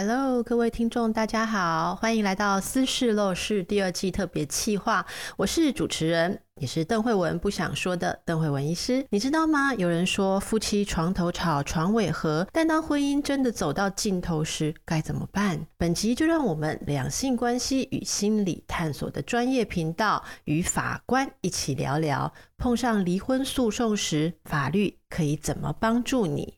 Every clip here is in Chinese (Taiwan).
Hello，各位聽眾，大家好，歡迎來到《司事 Law 室》第二季特別企劃。我是主持人，也是鄧惠文不想說的鄧惠文醫師。你知道嗎？有人說夫妻床頭吵，床尾和。但當婚姻真的走到盡頭時，該怎麼辦？本集就讓我們兩性關係與心理探索的專業頻道與法官一起聊聊，碰上離婚訴訟時，法律可以怎麼幫助你？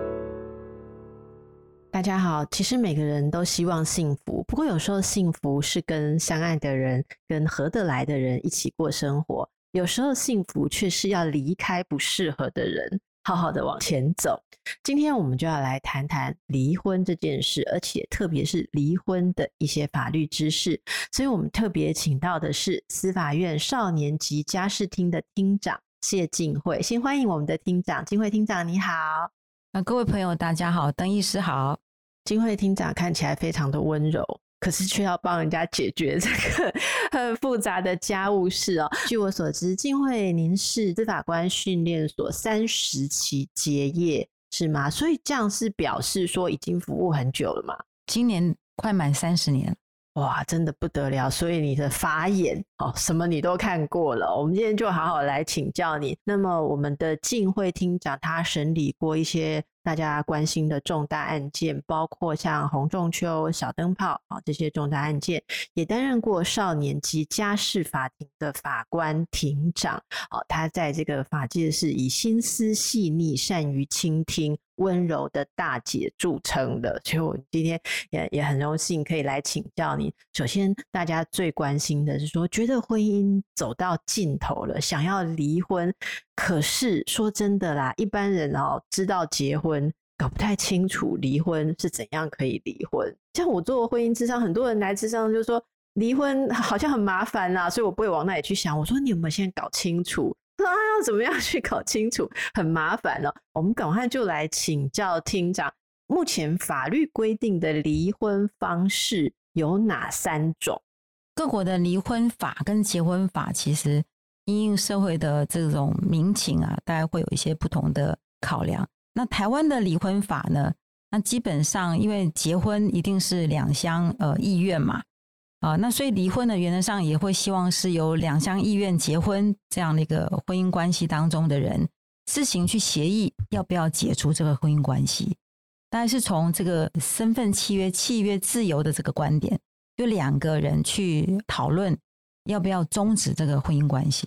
大家好，其實每個人都希望幸福，不過有時候幸福是跟相愛的人、跟合得來的人一起過生活；有時候幸福卻是要離開不適合的人，好好的往前走。今天我們就要來談談離婚這件事，而且特別是離婚的一些法律知識。所以我們特別請到的是司法院少年及家事廳的廳長謝靜慧，先歡迎我們的廳長靜慧廳長，你好。那、呃、各位朋友，大家好，鄧醫師好。靜慧廳長看起來非常的溫柔，可是卻要幫人家解決這個很複雜的家務事哦。據我所知，靜慧，您是司法官訓練所三十期結業是嗎？所以這樣是表示說已經服務很久了嗎？今年快滿三十年了，哇，真的不得了！所以你的法眼哦，什麼你都看過了。我們今天就好好來請教你。那麼，我們的靜慧廳長他審理過一些。大家關心的重大案件，包括像洪仲丘、小燈泡啊、哦、這些重大案件，也擔任過少年及家事法庭的法官庭長。哦，他在這個法界是以心思細膩、善於傾聽、溫柔的大姐著稱的。所以，我今天也也很榮幸可以來請教你。首先，大家最關心的是說，覺得婚姻走到盡頭了，想要離婚。可是說真的啦，一般人哦、喔、知道結婚，搞不太清楚離婚是怎樣可以離婚。像我做婚姻諮商，很多人來諮商就是說離婚好像很麻煩啊，所以我不會往那裡去想。我說你有沒有先搞清楚，他說啊，要怎麼樣去搞清楚，很麻煩了、喔。我們趕快就來請教廳長，目前法律規定的離婚方式有哪三種？各國的離婚法跟結婚法其實。應社會的這種民情啊，大家會有一些不同的考量。那台灣的離婚法呢？那基本上，因為結婚一定是兩廂呃意願嘛，啊、呃，那所以離婚的原則上也會希望是由兩廂意願結婚這樣的一個婚姻關係當中的人自行去協議要不要解除這個婚姻關係。大概是從這個身份契約契約自由的這個觀點，就兩個人去討論要不要終止這個婚姻關係。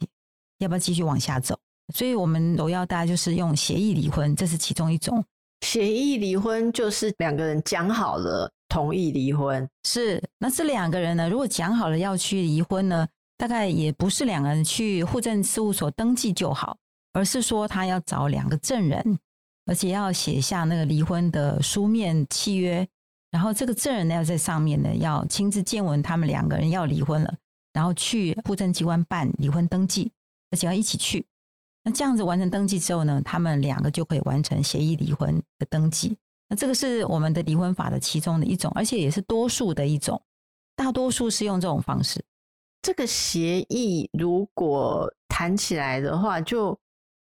要不要繼續往下走？所以我們都要大家就是用協議離婚，這是其中一種。協議離婚就是兩個人講好了同意離婚，是。那這兩個人呢，如果講好了要去離婚呢，大概也不是兩個人去戶政事務所登記就好，而是說他要找兩個證人，而且要寫下那個離婚的書面契約，然後這個證人呢要在上面呢要親自見聞他們兩個人要離婚了，然後去戶政機關辦離婚登記。想要一起去，那這樣子完成登記之後呢，他們兩個就可以完成協議離婚的登記。那這個是我們的離婚法的其中的一種，而且也是多數的一種，大多數是用這種方式。這個協議如果談起來的話，就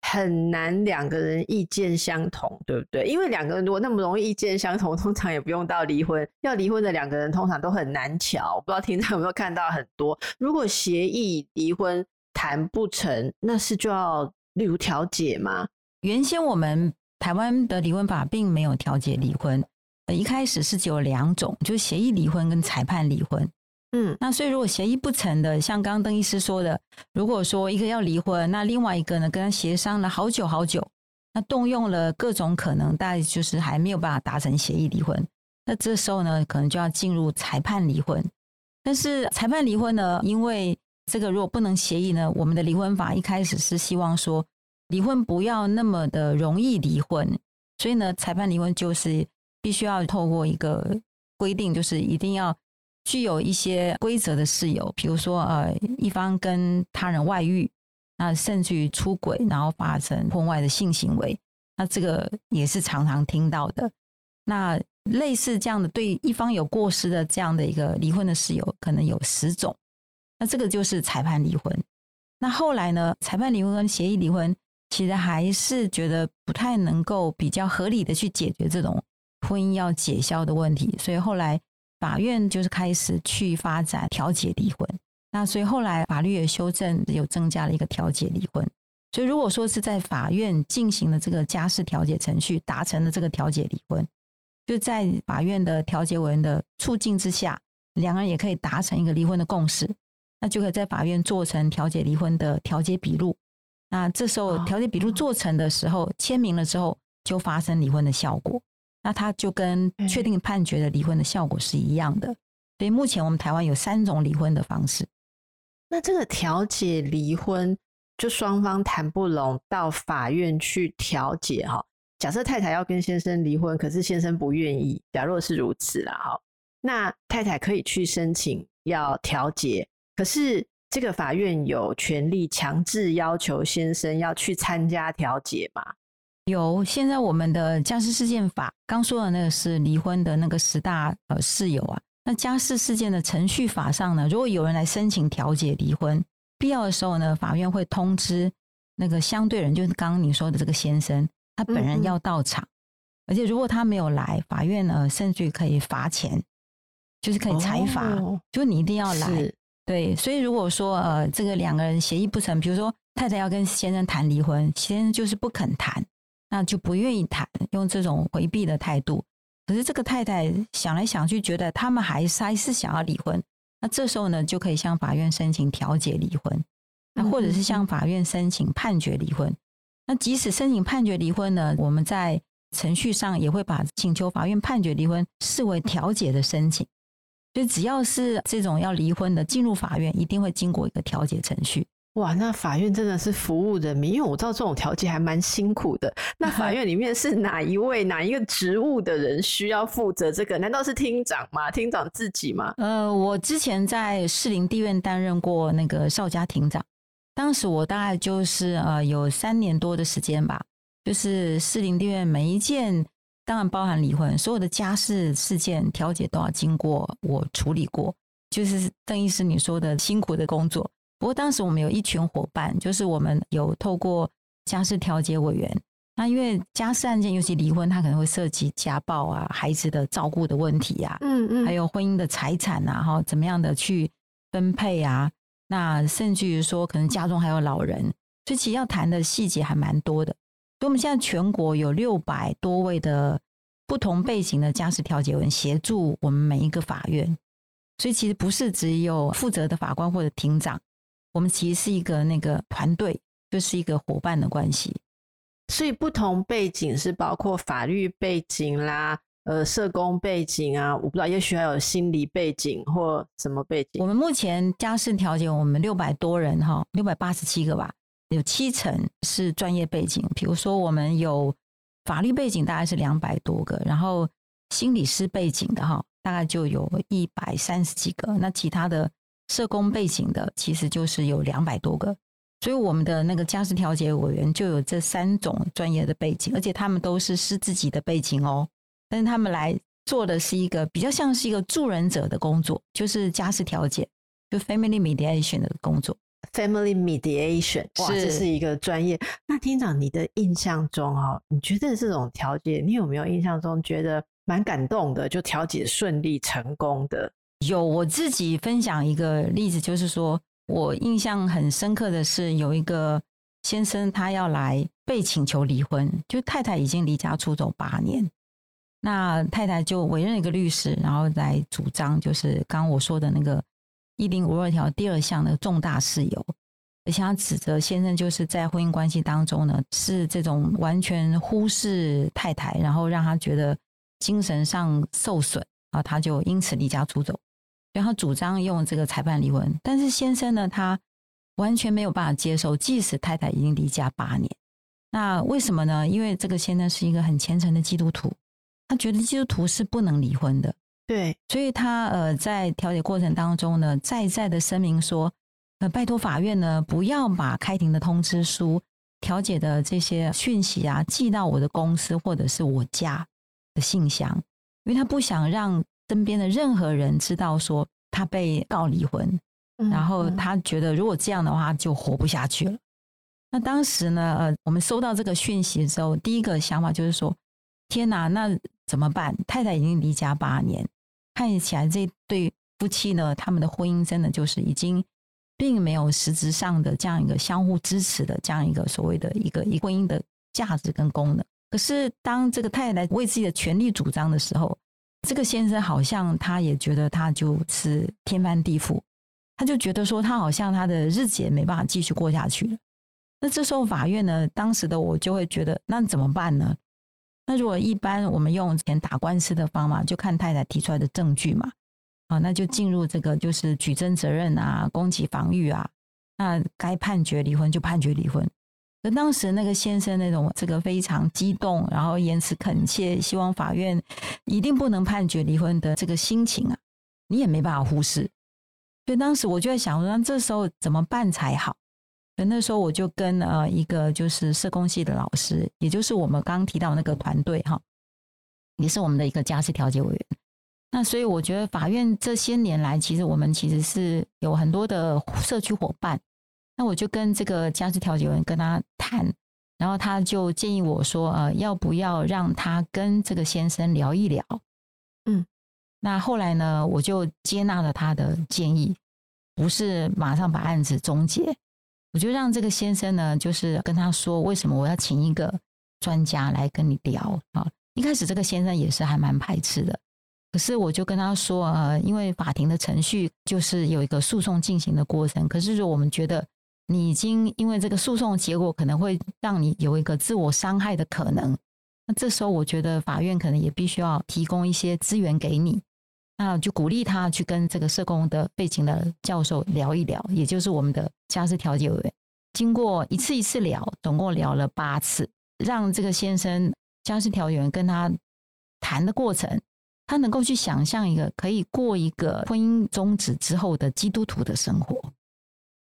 很難兩個人意見相同，對不對？因為兩個人如果那麼容易意見相同，通常也不用到離婚。要離婚的兩個人通常都很難巧。我不知道廳長有沒有看到很多，如果協議離婚。談不成，那是就要例如調解嗎？原先我們台灣的離婚法並沒有調解離婚，一開始是只有兩種，就是協議離婚跟裁判離婚。嗯，那所以如果協議不成的，像剛剛鄧醫師說的，如果說一個要離婚，那另外一個呢，跟他協商了好久好久，那動用了各種可能，大概就是還沒有辦法達成協議離婚，那這時候呢，可能就要進入裁判離婚。但是裁判離婚呢，因為這個如果不能協議呢，我們的離婚法一開始是希望說離婚不要那麼的容易離婚，所以呢，裁判離婚就是必須要透過一個規定，就是一定要具有一些規則的事由。比如說呃，一方跟他人外遇，那甚至於出軌，然後發生婚外的性行為，那這個也是常常聽到的。那類似這樣的對一方有過失的這樣的一個離婚的事由，可能有十種。那這個就是裁判離婚。那後來呢，裁判離婚跟協議離婚，其實還是覺得不太能夠比較合理的去解決這種婚姻要解消的問題。所以後來法院就是開始去發展調解離婚。那所以後來法律也修正，又增加了一個調解離婚。所以如果說是在法院進行了這個家事調解程序，達成了這個調解離婚，就在法院的調解委員的促進之下，兩人也可以達成一個離婚的共識。那就可以在法院做成調解離婚的調解筆錄。那這時候調解筆錄做成的時候，簽名了之後，哦、嗯，就發生離婚的效果。那它就跟確定判決的離婚的效果是一樣的。嗯，所以目前我們台灣有三種離婚的方式。那這個調解離婚，就雙方談不攏到法院去調解哈。假設太太要跟先生離婚，可是先生不願意。假若是如此了哈，那太太可以去申請要調解。可是這個法院有權利強制要求先生要去參加調解嗎？有，現在我們的家事事件法剛說的那個是離婚的那個十大呃事由啊。那家事事件的程序法上呢，如果有人來申請調解離婚，必要的時候呢，法院會通知那個相對人，就是剛剛你說的這個先生，他本人要到場。嗯、哼而且如果他沒有來，法院呢甚至可以罰錢，就是可以裁罰，哦、就你一定要來。對，所以如果說呃，這個兩個人協議不成，比如說太太要跟先生談離婚，先生就是不肯談，那就不願意談，用這種回避的態度。可是這個太太想來想去，覺得他們還是還是想要離婚，那這時候呢，就可以向法院申請調解離婚，那、啊、或者是向法院申請判決離婚。那即使申請判決離婚呢，我們在程序上也會把請求法院判決離婚視為調解的申請。就只要是這種要離婚的，進入法院一定會經過一個調解程序。哇，那法院真的是服務人民，因為我知道這種調解還蠻辛苦的。那法院裡面是哪一位、 哪一個職務的人需要負責這個？難道是廳長嗎？廳長自己嗎？呃，我之前在士林地院擔任過那個少家庭長，當時我大概就是呃有三年多的時間吧，就是士林地院每一件。當然包含離婚，所有的家事事件調解都要經過我處理過，就是鄧醫師你說的辛苦的工作。不過當時我們有一群伙伴，就是我們有透過家事調解委員。那因為家事案件，尤其離婚，它可能會涉及家暴啊、孩子的照顧的問題啊，嗯嗯，還有婚姻的財產啊，哈，怎麼樣的去分配啊？那甚至於說，可能家中還有老人，其實要談的細節還蠻多的。所以我們現在全國有六百多位的不同背景的家事調解員協助我們每一個法院，所以其實不是只有負責的法官或者庭長，我們其實是一個那個團隊，就是一個夥伴的關係，嗯。所以不同背景是包括法律背景啦，呃，社工背景啊，我不知道，也許還有心理背景或什麼背景。我們目前家事調解，我們六百多人哈、哦，六百八十七個吧。有七成是專業背景，比如說我們有法律背景，大概是兩百多個；然後心理師背景的哈，大概就有一百三十幾個。那其他的社工背景的，其實就是有兩百多個。所以我們的那個家事調解委員就有這三種專業的背景，而且他們都是是自己的背景哦。但是他們來做的是一個比較像是一個助人者的工作，就是家事調解，就 family mediation 的工作。Family mediation，哇，這是一個專業。是那廳長，你的印象中、哦、你覺得這種調解，你有沒有印象中覺得蠻感動的？就調解順利成功的？有，我自己分享一個例子，就是說我印象很深刻的是有一個先生，他要來被請求離婚，就太太已經離家出走八年，那太太就委任一個律師，然後來主張，就是剛剛我說的那個。一零五二條第二項的重大事由，而且他指責先生就是在婚姻關係當中呢，是這種完全忽視太太，然後讓他覺得精神上受損啊，然後他就因此離家出走，然後主張用這個裁判離婚。但是先生呢，他完全沒有辦法接受，即使太太已經離家八年，那為什麼呢？因為這個先生是一個很虔誠的基督徒，他覺得基督徒是不能離婚的。對，所以他呃在調解過程當中呢，再再的聲明說，呃拜託法院呢，不要把開庭的通知書、調解的這些訊息啊，寄到我的公司或者是我家的信箱，因為他不想讓身邊的任何人知道說他被告離婚，嗯嗯，然後他覺得如果這樣的話就活不下去了。嗯、那當時呢，呃我們收到這個訊息之後，第一個想法就是說，天哪，那。怎麼辦？太太已經離家八年，看起來這對夫妻呢，他們的婚姻真的就是已經並沒有實質上的這樣一個相互支持的這樣一個所謂的一個婚姻的價值跟功能。可是當這個太太為自己的權利主張的時候，這個先生好像他也覺得他就是天翻地覆，他就覺得說他好像他的日子也沒辦法繼續過下去了。那這時候法院呢，當時的我就會覺得，那怎麼辦呢？那如果一般我們用以前打官司的方法嘛，就看太太提出來的證據嘛，啊，那就進入這個就是舉證責任啊、攻擊防禦啊，那該判決離婚就判決離婚。可當時那個先生那種這個非常激動，然後言辭懇切，希望法院一定不能判決離婚的這個心情啊，你也沒辦法忽視。所以當時我就在想說，那這時候怎麼辦才好？那時候我就跟呃一個就是社工系的老師，也就是我們剛剛提到那個團隊哈，也是我們的一個家事調解委員。那所以我覺得法院這些年來，其實我們其實是有很多的社區夥伴。那我就跟這個家事調解委員跟他談，然後他就建議我說，呃，要不要讓他跟這個先生聊一聊？嗯，那後來呢，我就接納了他的建議，不是馬上把案子終結。我就讓這個先生呢，就是跟他說為什麼我要請一個專家來跟你聊啊？一開始這個先生也是還蠻排斥的，可是我就跟他說啊，因為法庭的程序就是有一個訴訟進行的過程，可是我們覺得你已經因為這個訴訟結果可能會讓你有一個自我傷害的可能，那這時候我覺得法院可能也必須要提供一些資源給你。那就鼓勵他去跟這個社工的背景的教授聊一聊，也就是我們的家事調解委員。經過一次一次聊，總共聊了八次，讓這個先生家事調解員跟他談的過程，他能夠去想象一個可以過一個婚姻終止之後的基督徒的生活。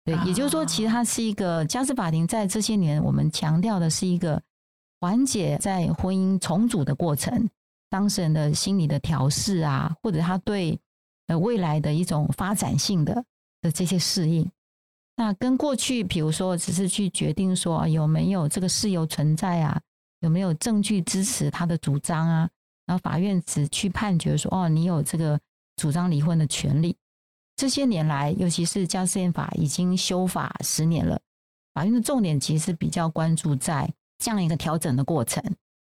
對，也就是說，其實他是一個、啊、家事法庭，在這些年我們強調的是一個緩解在婚姻重組的過程。當事人的心理的調試啊，或者他對呃未來的一種發展性的的這些適應，那跟過去比如說只是去決定說有沒有這個事由存在啊，有沒有證據支持他的主張啊，然後法院只去判決說哦，你有這個主張離婚的權利。這些年來，尤其是家事法已經修法十年了，法院的重點其實比較關注在這樣一個調整的過程，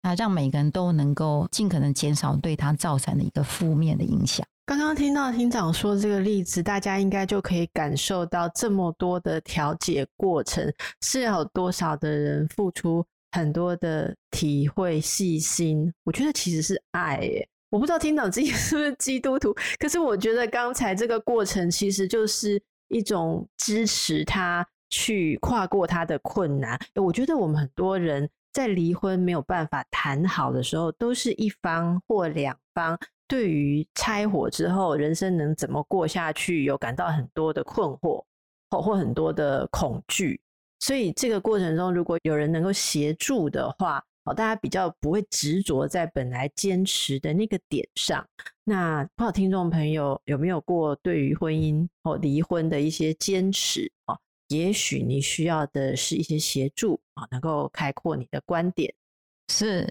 啊，讓每個人都能夠盡可能減少對他造成的一個負面的影響。剛剛聽到廳長說這個例子，大家應該就可以感受到這麼多的調解過程是有多少的人付出很多的體會細心。我覺得其實是愛，欸，耶。我不知道廳長自己是不是基督徒，可是我覺得剛才這個過程其實就是一種支持他去跨過他的困難。欸，我覺得我們很多人。在離婚沒有辦法談好的時候，都是一方或兩方對於拆夥之後人生能怎麼過下去，有感到很多的困惑，或很多的恐懼。所以這個過程中，如果有人能夠協助的話，大家比較不會執着在本來堅持的那個點上。那不知道，聽眾朋友有沒有過對於婚姻或離婚的一些堅持？也許你需要的是一些協助啊，能夠開闊你的觀點。是，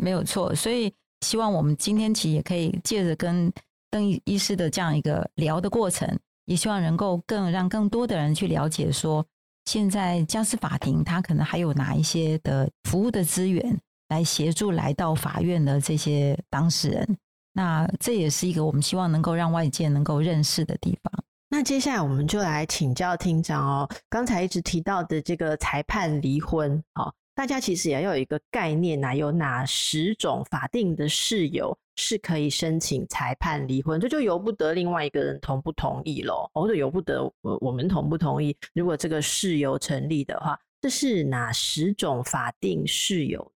沒有錯。所以，希望我們今天起也可以借着跟鄧醫師的這樣一個聊的過程，也希望能夠更讓更多的人去了解說，現在家事法庭它可能還有哪一些的服務的資源來協助來到法院的這些當事人。那這也是一個我們希望能夠讓外界能夠認識的地方。那接下來我們就來請教廳長哦。剛才一直提到的這個裁判離婚，哦，大家其實也要有一個概念吶，啊，有哪十種法定的事由是可以申請裁判離婚？這就，就由不得另外一個人同不同意嘍，或者由不得我我們同不同意？如果這個事由成立的話，這是哪十種法定事由？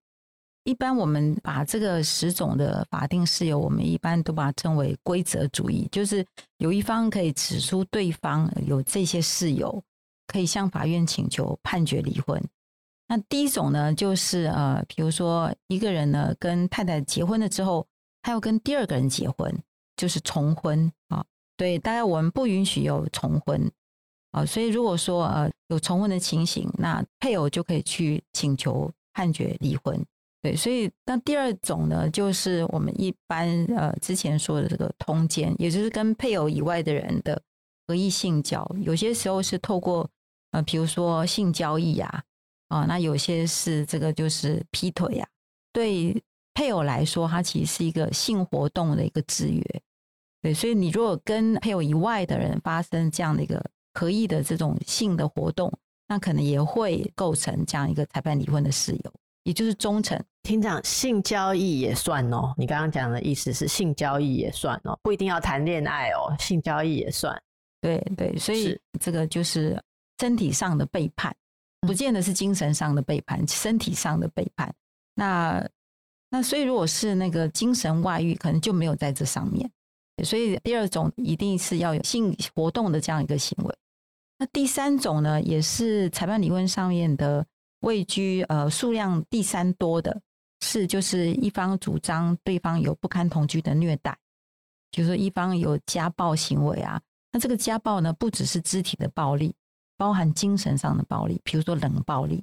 一般我們把這個十種的法定事由，我們一般都把它稱為規則主義，就是有一方可以指出對方有這些事由，可以向法院請求判決離婚。那第一種呢，就是呃，比如說一個人呢跟太太結婚了之後，他要跟第二個人結婚，就是重婚啊、哦。對，當然我們不允許有重婚啊、哦，所以如果說呃有重婚的情形，那配偶就可以去請求判決離婚。對，所以那第二種呢，就是我們一般呃之前說的這個通姦，也就是跟配偶以外的人的合意性交，有些時候是透過呃，比如說性交易啊、啊、呃，那有些是這個就是劈腿呀、啊。對配偶來說，它其實是一個性活動的一個制約。對，所以你如果跟配偶以外的人發生這樣的一個合意的這種性的活動，那可能也會構成這樣一個裁判離婚的事由。也就是忠誠，庭長，性交易也算哦。你剛剛講的意思是性交易也算哦，不一定要談戀愛哦，性交易也算。對對，所以這個就是身體上的背叛，不見得是精神上的背叛，嗯、身體上的背叛。那那所以如果是那個精神外遇，可能就沒有在這上面。所以第二種一定是要有性活動的這樣一個行為。那第三種呢，也是裁判離婚上面的，位居呃，數量第三多的是，就是一方主張對方有不堪同居的虐待，就是一方有家暴行為啊。那這個家暴呢，不只是肢體的暴力，包含精神上的暴力，比如說冷暴力，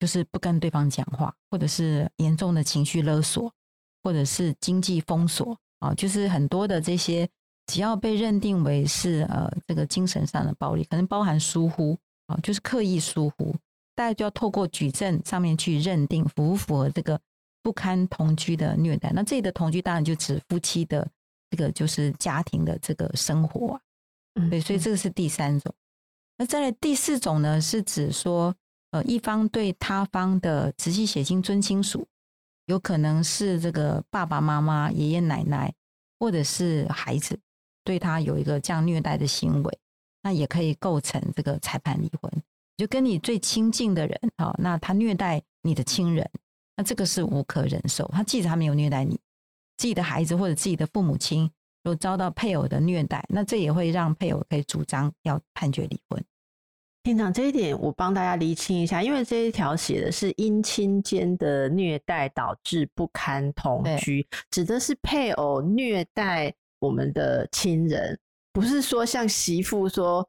就是不跟對方講話，或者是嚴重的情緒勒索，或者是經濟封鎖啊，就是很多的這些，只要被認定為是呃這個精神上的暴力，可能包含疏忽啊，就是刻意疏忽。大家就要透過舉證上面去認定符不符合這個不堪同居的虐待。那這裡的同居當然就指夫妻的這個就是家庭的這個生活啊，對，所以這個是第三種。那再來第四種呢，是指說呃一方對他方的直系血親尊親屬，有可能是這個爸爸媽媽、爺爺奶奶或者是孩子對他有一個這樣虐待的行為，那也可以構成這個裁判離婚。就跟你最親近的人，哈，那他虐待你的親人，那這個是無可忍受。他即使他沒有虐待你自己的孩子或者自己的父母親，如果遭到配偶的虐待，那這也會讓配偶可以主張要判決離婚。廳長，這一點我幫大家釐清一下，因為這一條寫的是姻親間的虐待導致不堪同居，對指的是配偶虐待我們的親人，不是說像媳婦說。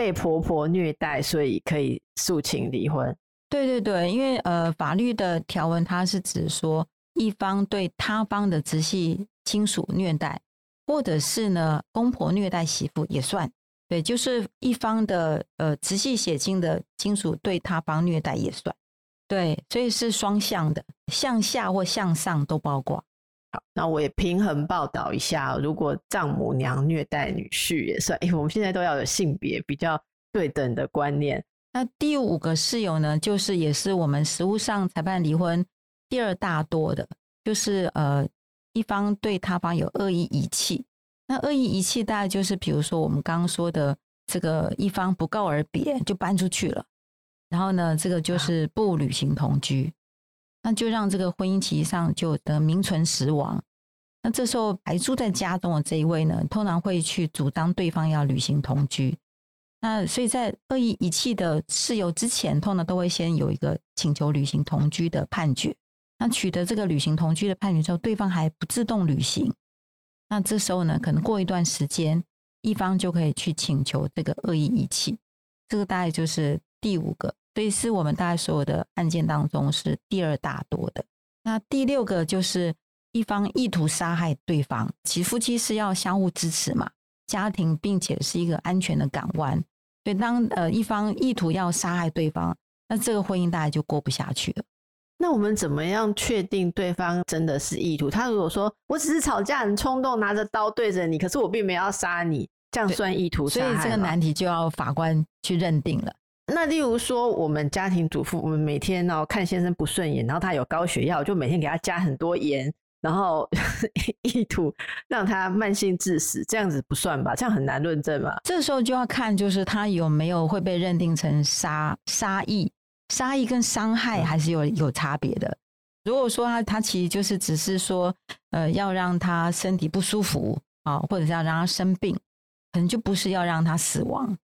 被婆婆虐待，所以可以訴請離婚。對對對，因為呃，法律的條文它是指說一方對他方的直系親屬虐待，或者是呢公婆虐待媳婦也算。對，就是一方的呃直系血親的親屬對他方虐待也算。對，所以是雙向的，向下或向上都包括。好，那我也平衡報道一下，如果丈母娘虐待女婿也算。哎、欸，我們現在都要有性別比較對等的觀念。那第五個事由呢，就是也是我們實務上裁判離婚第二大多的，就是呃一方對他方有惡意遺棄。那惡意遺棄大概就是比如說我們剛剛說的這個一方不告而別就搬出去了，然後呢這個就是不履行同居。啊那就讓這個婚姻其實上就得名存實亡。那這時候還住在家中的這一位呢，通常會去主張對方要履行同居。那所以在惡意遺棄的事由之前，通常都會先有一個請求履行同居的判決。那取得這個履行同居的判決之後，對方還不自動履行，那這時候呢，可能過一段時間，一方就可以去請求這個惡意遺棄。這個大概就是第五個。所以是我們大概所有的案件當中是第二大多的。那第六個就是一方意圖殺害對方。其實夫妻是要相互支持嘛，家庭並且是一個安全的港灣。對，所以當呃一方意圖要殺害對方，那這個婚姻大概就過不下去了。那我們怎麼樣確定對方真的是意圖？他如果說我只是吵架很衝動，拿着刀對着你，可是我並沒有要殺你，這樣算意圖？所以這個難題就要法官去認定了。那例如說，我們家庭主婦，我們每天呢、喔、看先生不順眼，然後他有高血壓，就每天給他加很多鹽，然後 意圖讓他慢性致死，這樣子不算吧？這樣很難論證嘛。這時候就要看，就是他有沒有會被認定成殺殺意，殺意跟傷害還是有、嗯、有差別的。如果說他他其實就是只是說，呃，要讓他身體不舒服啊、哦，或者是要讓他生病，可能就不是要讓他死亡。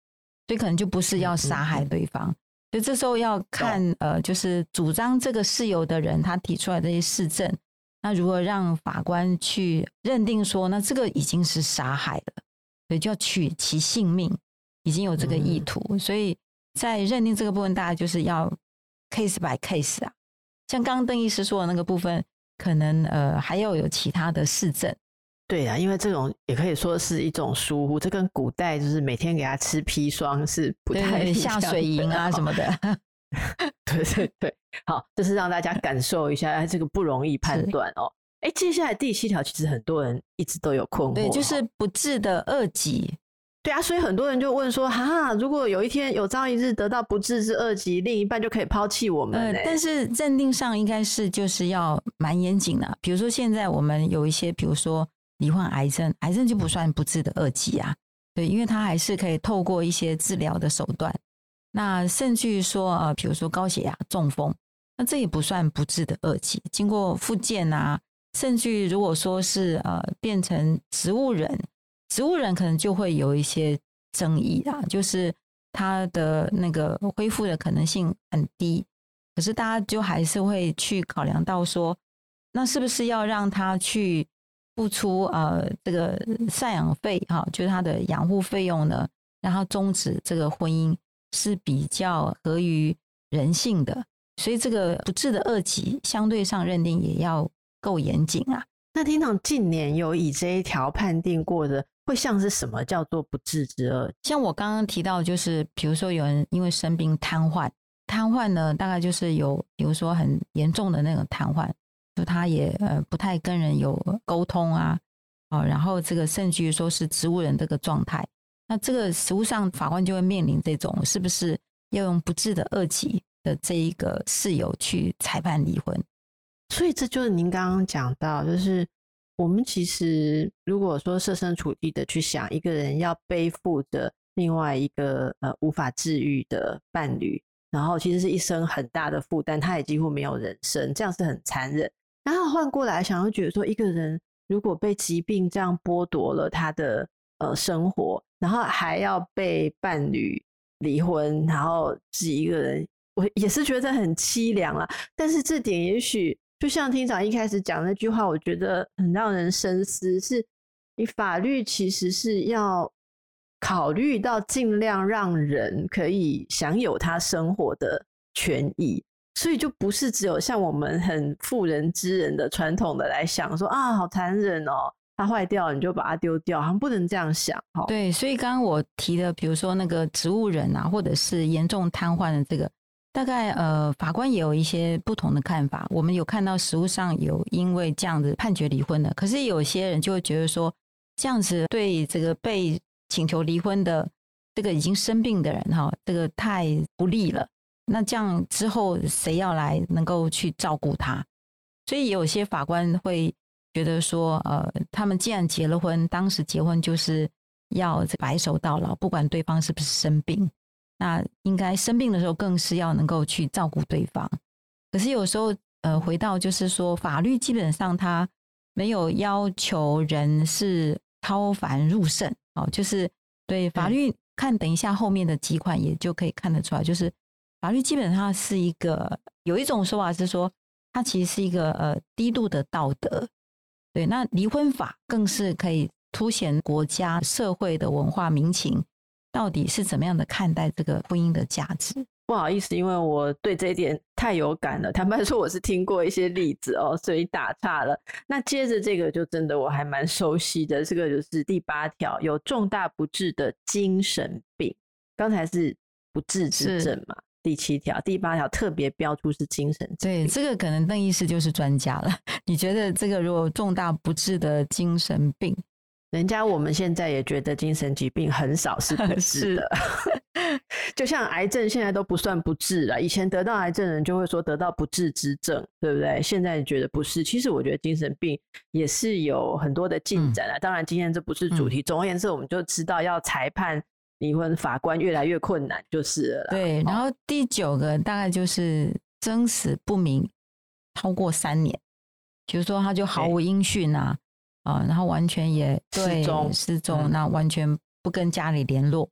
所以可能就不是要殺害對方，所以這時候要看對 呃，就是主張這個事由的人，他提出來這些事證，那如何讓法官去認定說，那這個已經是殺害了，所以就要取其性命，已經有這個意圖，嗯嗯嗯所以在認定這個部分，大家就是要 case by case 啊，像剛鄧醫師說的那個部分，可能呃還要有,有其他的事證。對呀、啊，因為這種也可以說是一種疏忽，這跟古代就是每天給他吃砒霜是不太像的。下水銀啊什麼的， 對對對，好，這、就是讓大家感受一下這個不容易判斷哦。哎是，接下來第七條其實很多人一直都有困惑、哦對，就是不治的惡疾。對啊，所以很多人就問說：哈、啊，如果有一天有朝一日得到不治之惡疾，另一半就可以拋棄我們、呃？但是認定上應該是就是要蠻嚴謹的、啊，比如說現在我們有一些，比如說。罹患癌症，癌症就不算不治的惡疾啊，對，因為他還是可以透過一些治療的手段。那甚至於說，呃，比如說高血壓、中風，那這也不算不治的惡疾。經過復健啊，甚至於如果說是呃變成植物人，植物人可能就會有一些爭議啊，就是他的那個恢復的可能性很低。可是大家就還是會去考量到說，那是不是要讓他去付出呃，這個贍養費哈、哦，就是他的養護費用呢。然後終止這個婚姻是比較合於人性的，所以這個不治的惡疾，相對上認定也要夠嚴謹啊。那廳長近年有以這一條判定過的，會像是什麼叫做不治之惡？像我剛剛提到，就是比如說有人因為生病癱瘓，癱瘓呢，大概就是有，比如說很嚴重的那種癱瘓。就他也呃不太跟人有溝通啊，哦，然後這個甚至於說是植物人這個狀態，那這個實務上法官就會面臨這種是不是要用不治的惡疾的這一個事由去裁判離婚？所以這就是您剛剛講到，就是我們其實如果說設身處地的去想，一個人要背負着另外一個呃無法治癒的伴侶，然後其實是一生很大的負擔，他也幾乎沒有人生，這樣是很殘忍。然後換過來想，要覺得說，一個人如果被疾病這樣剝奪了他的呃生活，然後還要被伴侶離婚，然後自己一個人，我也是覺得很淒涼啦、啊。但是這點，也許就像廳長一開始講那句話，我覺得很讓人深思：是你法律其實是要考慮到盡量讓人可以享有他生活的權益。所以就不是只有像我們很婦人之仁的傳統的來想說啊，好殘忍哦，它壞掉你就把它丟掉，好像不能這樣想哈。哦、對，所以剛剛我提的，比如說那個植物人啊，或者是嚴重癱瘓的這個，大概呃法官也有一些不同的看法。我們有看到實務上有因為這樣子判決離婚的，可是有些人就會覺得說，這樣子對這個被請求離婚的這個已經生病的人哈，這個太不利了。那這樣之後，誰要來能夠去照顧他？所以有些法官會覺得說，呃，他們既然結了婚，當時結婚就是要白首到老，不管對方是不是生病，那應該生病的時候更是要能夠去照顧對方。可是有時候，呃，回到就是說，法律基本上他沒有要求人是超凡入聖哦，就是對法律、嗯、看，等一下後面的幾款也就可以看得出來，就是。法律基本上是一個，有一種說法是說，它其實是一個呃低度的道德。對，那離婚法更是可以凸顯國家社會的文化民情，到底是怎麼樣的看待這個婚姻的價值？不好意思，因為我對這一點太有感了。坦白說，我是聽過一些例子哦，所以打岔了。那接着這個就真的我還蠻熟悉的，這個就是第八條，有重大不治的精神病，剛才是不治之症嘛。第七條、第八條特別標出是精神，對，這個可能鄧醫師就是專家了。你覺得這個如果重大不治的精神病，人家我們現在也覺得精神疾病很少是不治的，啊， 就像癌症現在都不算不治了。以前得到癌症的人就會說得到不治之症，對不對？現在覺得不是，其實我覺得精神病也是有很多的進展啊。嗯、當然，今天這不是主題，嗯、總而言之，我們就知道要裁判。離婚法官越來越困難，就是了。對，然後第九個大概就是生死不明超過三年，就是說他就毫無音訊啊，啊對、呃，然後完全也失蹤失蹤，那、嗯、完全不跟家裡聯絡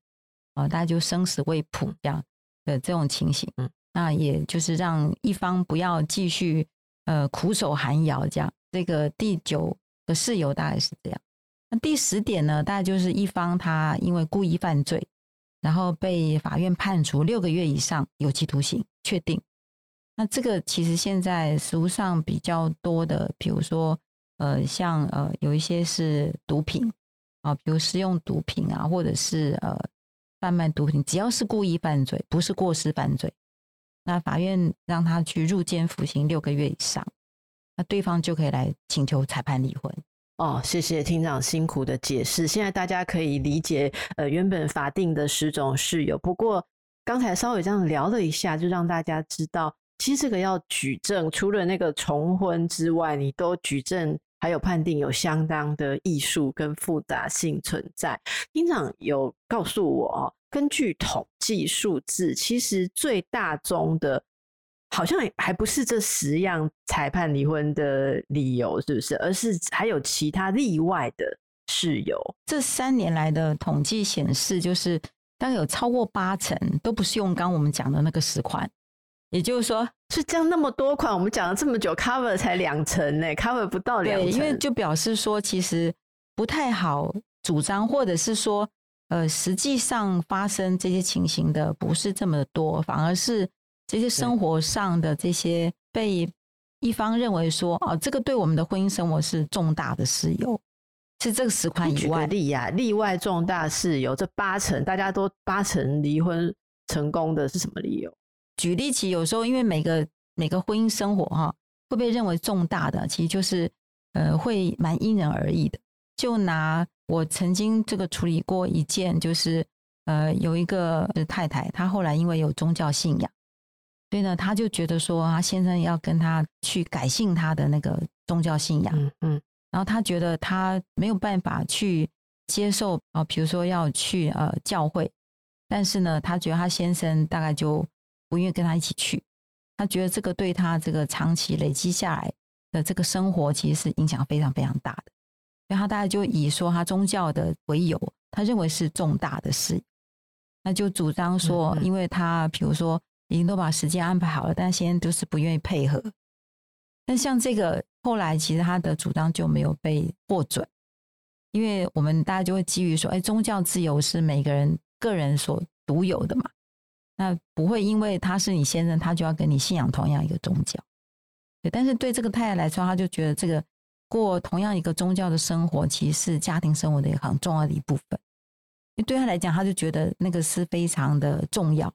啊、呃，大家就生死未卜這樣的這種情形，嗯，那也就是讓一方不要繼續呃苦守寒窯這樣，這個第九的事由大概是這樣。那第十點呢，大概就是一方他因為故意犯罪，然後被法院判處六個月以上有期徒刑，確定。那這個其實現在實務上比較多的，比如說呃，像呃，有一些是毒品啊，比如使用毒品啊，或者是呃販賣毒品，只要是故意犯罪，不是過失犯罪，那法院讓他去入監服刑六個月以上，那對方就可以來請求裁判離婚。哦，謝謝廳長辛苦的解釋。現在大家可以理解，呃，原本法定的十種事由，不過剛才稍微這樣聊了一下，就讓大家知道，其實這個要舉證，除了那個重婚之外，你都舉證還有判定有相當的藝術跟複雜性存在。廳長有告訴我，根據統計數字，其實最大宗的。好像還還不是這十樣裁判離婚的理由，是不是？而是還有其他例外的事由。這三年來的統計顯示，就是當有超過八成都不是用剛我們講的那個十款，也就是說，是這樣那麼多款，我們講了這麼久，cover 才兩成呢欸，cover 不到兩成。對，因為就表示說，其實不太好主張，或者是說，呃，實際上發生這些情形的不是這麼多，反而是。這些生活上的這些被一方認為說對哦，這個對我們的婚姻生活是重大的事由，是這個十款以外舉例,、啊、例外重大事由。這八成大家都八成離婚成功的是什麼理由？舉例起，有時候因為每個每個婚姻生活哈、啊、會被認為重大的，其實就是呃會蠻因人而異的。就拿我曾經這個處理過一件，就是呃有一個太太，她後來因為有宗教信仰。所以呢，他就覺得說，他先生要跟他去改信他的那個宗教信仰，嗯，嗯，然後他覺得他沒有辦法去接受啊、呃，比如說要去呃教會，但是呢，他覺得他先生大概就不願意跟他一起去，他覺得這個對他這個長期累積下來的這個生活其實是影響非常非常大的，所以他大概就以說他宗教的為由，他認為是重大的事，那就主張說，因為他、嗯嗯、比如說。已經都把時間安排好了，但先就是不願意配合。那像這個後來，其實他的主張就沒有被獲准，因為我們大家就會基於說，哎，宗教自由是每個人個人所獨有的嘛，那不會因為他是你先生，他就要跟你信仰同樣一個宗教。對，但是對這個太太來說，他就覺得這個過同樣一個宗教的生活，其實是家庭生活的一個很重要的一部分。對他來講，他就覺得那個是非常的重要。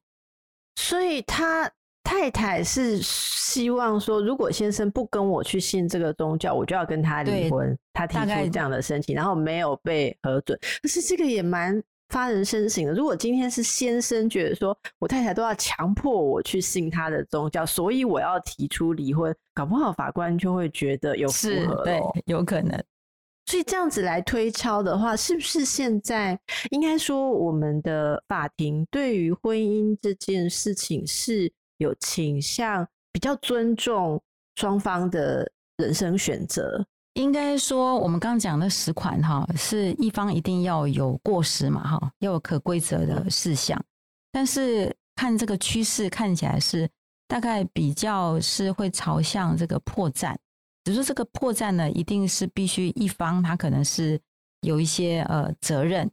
所以他太太是希望說，如果先生不跟我去信這個宗教，我就要跟他離婚。對他提出這樣的申請，概然後沒有被核准。可是這個也蠻發人深省的。如果今天是先生覺得說我太太都要強迫我去信他的宗教，所以我要提出離婚，搞不好法官就會覺得有符合了喔。是，對，有可能。所以這樣子來推敲的話，是不是現在應該說我們的法庭對於婚姻這件事情是有傾向比較尊重雙方的人生選擇？應該說我們剛講的十款哈，是一方一定要有過失嘛哈，要有可歸責的事項。但是看這個趨勢，看起來是大概比較是會朝向這個破綻。只是這個破綻呢，一定是必須一方他可能是有一些呃責任。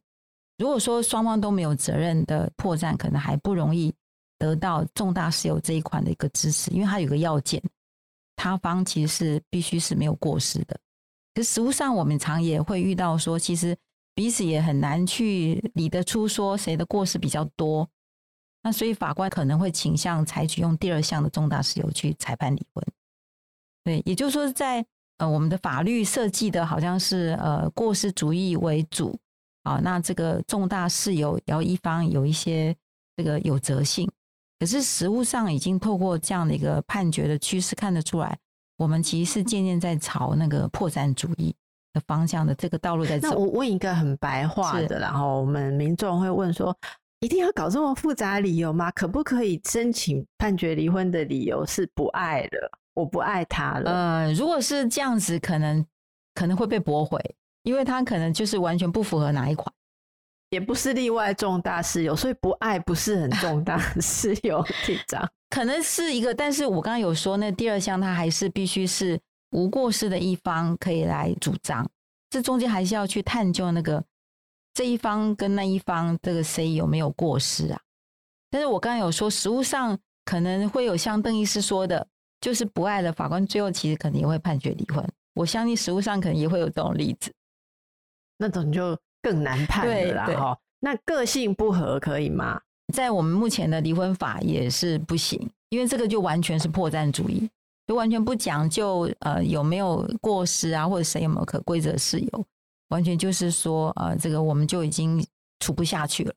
如果說雙方都沒有責任的破綻，可能還不容易得到重大事由這一款的一個支持，因為它有個要件，他方其實是必須是沒有過失的。可實務上我們常也會遇到說，其實彼此也很難去理得出說誰的過失比較多。那所以法官可能會傾向採取用第二項的重大事由去裁判離婚。對，也就是說在，在呃，我們的法律設計的好像是呃過失主義為主啊。那這個重大事由，然後一方有一些這個有責性，可是實務上已經透過這樣的一個判決的趨勢看得出來，我們其實是漸漸在朝那個破綻主義的方向的這個道路在走。那我問一個很白話的，是然後我們民眾會問說：一定要搞這麼複雜理由嗎？可不可以申請判決離婚的理由是不愛了？我不愛他了、嗯。如果是這樣子，可能可能會被駁回，因為他可能就是完全不符合哪一款，也不是例外重大事由，所以不愛不是很重大事由緊張 可能是一個。但是我剛剛有說，那第二項他還是必須是無過失的一方可以來主張，這中間還是要去探究那個這一方跟那一方這個誰有沒有過失啊？但是我剛剛有說，實務上可能會有像鄧醫師說的。就是不愛的法官，最後其實可能也會判決離婚。我相信實務上可能也會有這種例子，那種就更難判啦，對啦，那個性不合可以嗎？在我們目前的離婚法也是不行，因為這個就完全是破綻主義，就完全不講究呃有沒有過失啊，或者誰有沒有可歸責事由，完全就是說呃這個我們就已經處不下去了，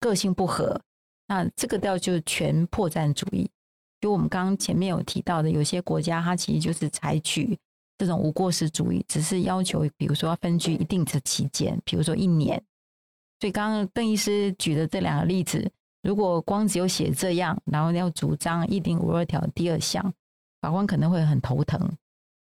個性不合，那這個叫就是全破綻主義。就我們剛剛前面有提到的，有些國家它其實就是採取這種無過失主義，只是要求，比如說要分居一定的期間，比如說一年。所以剛剛鄧醫師舉的這兩個例子，如果光只有寫這樣，然後要主張一零五二條第二項，法官可能會很頭疼。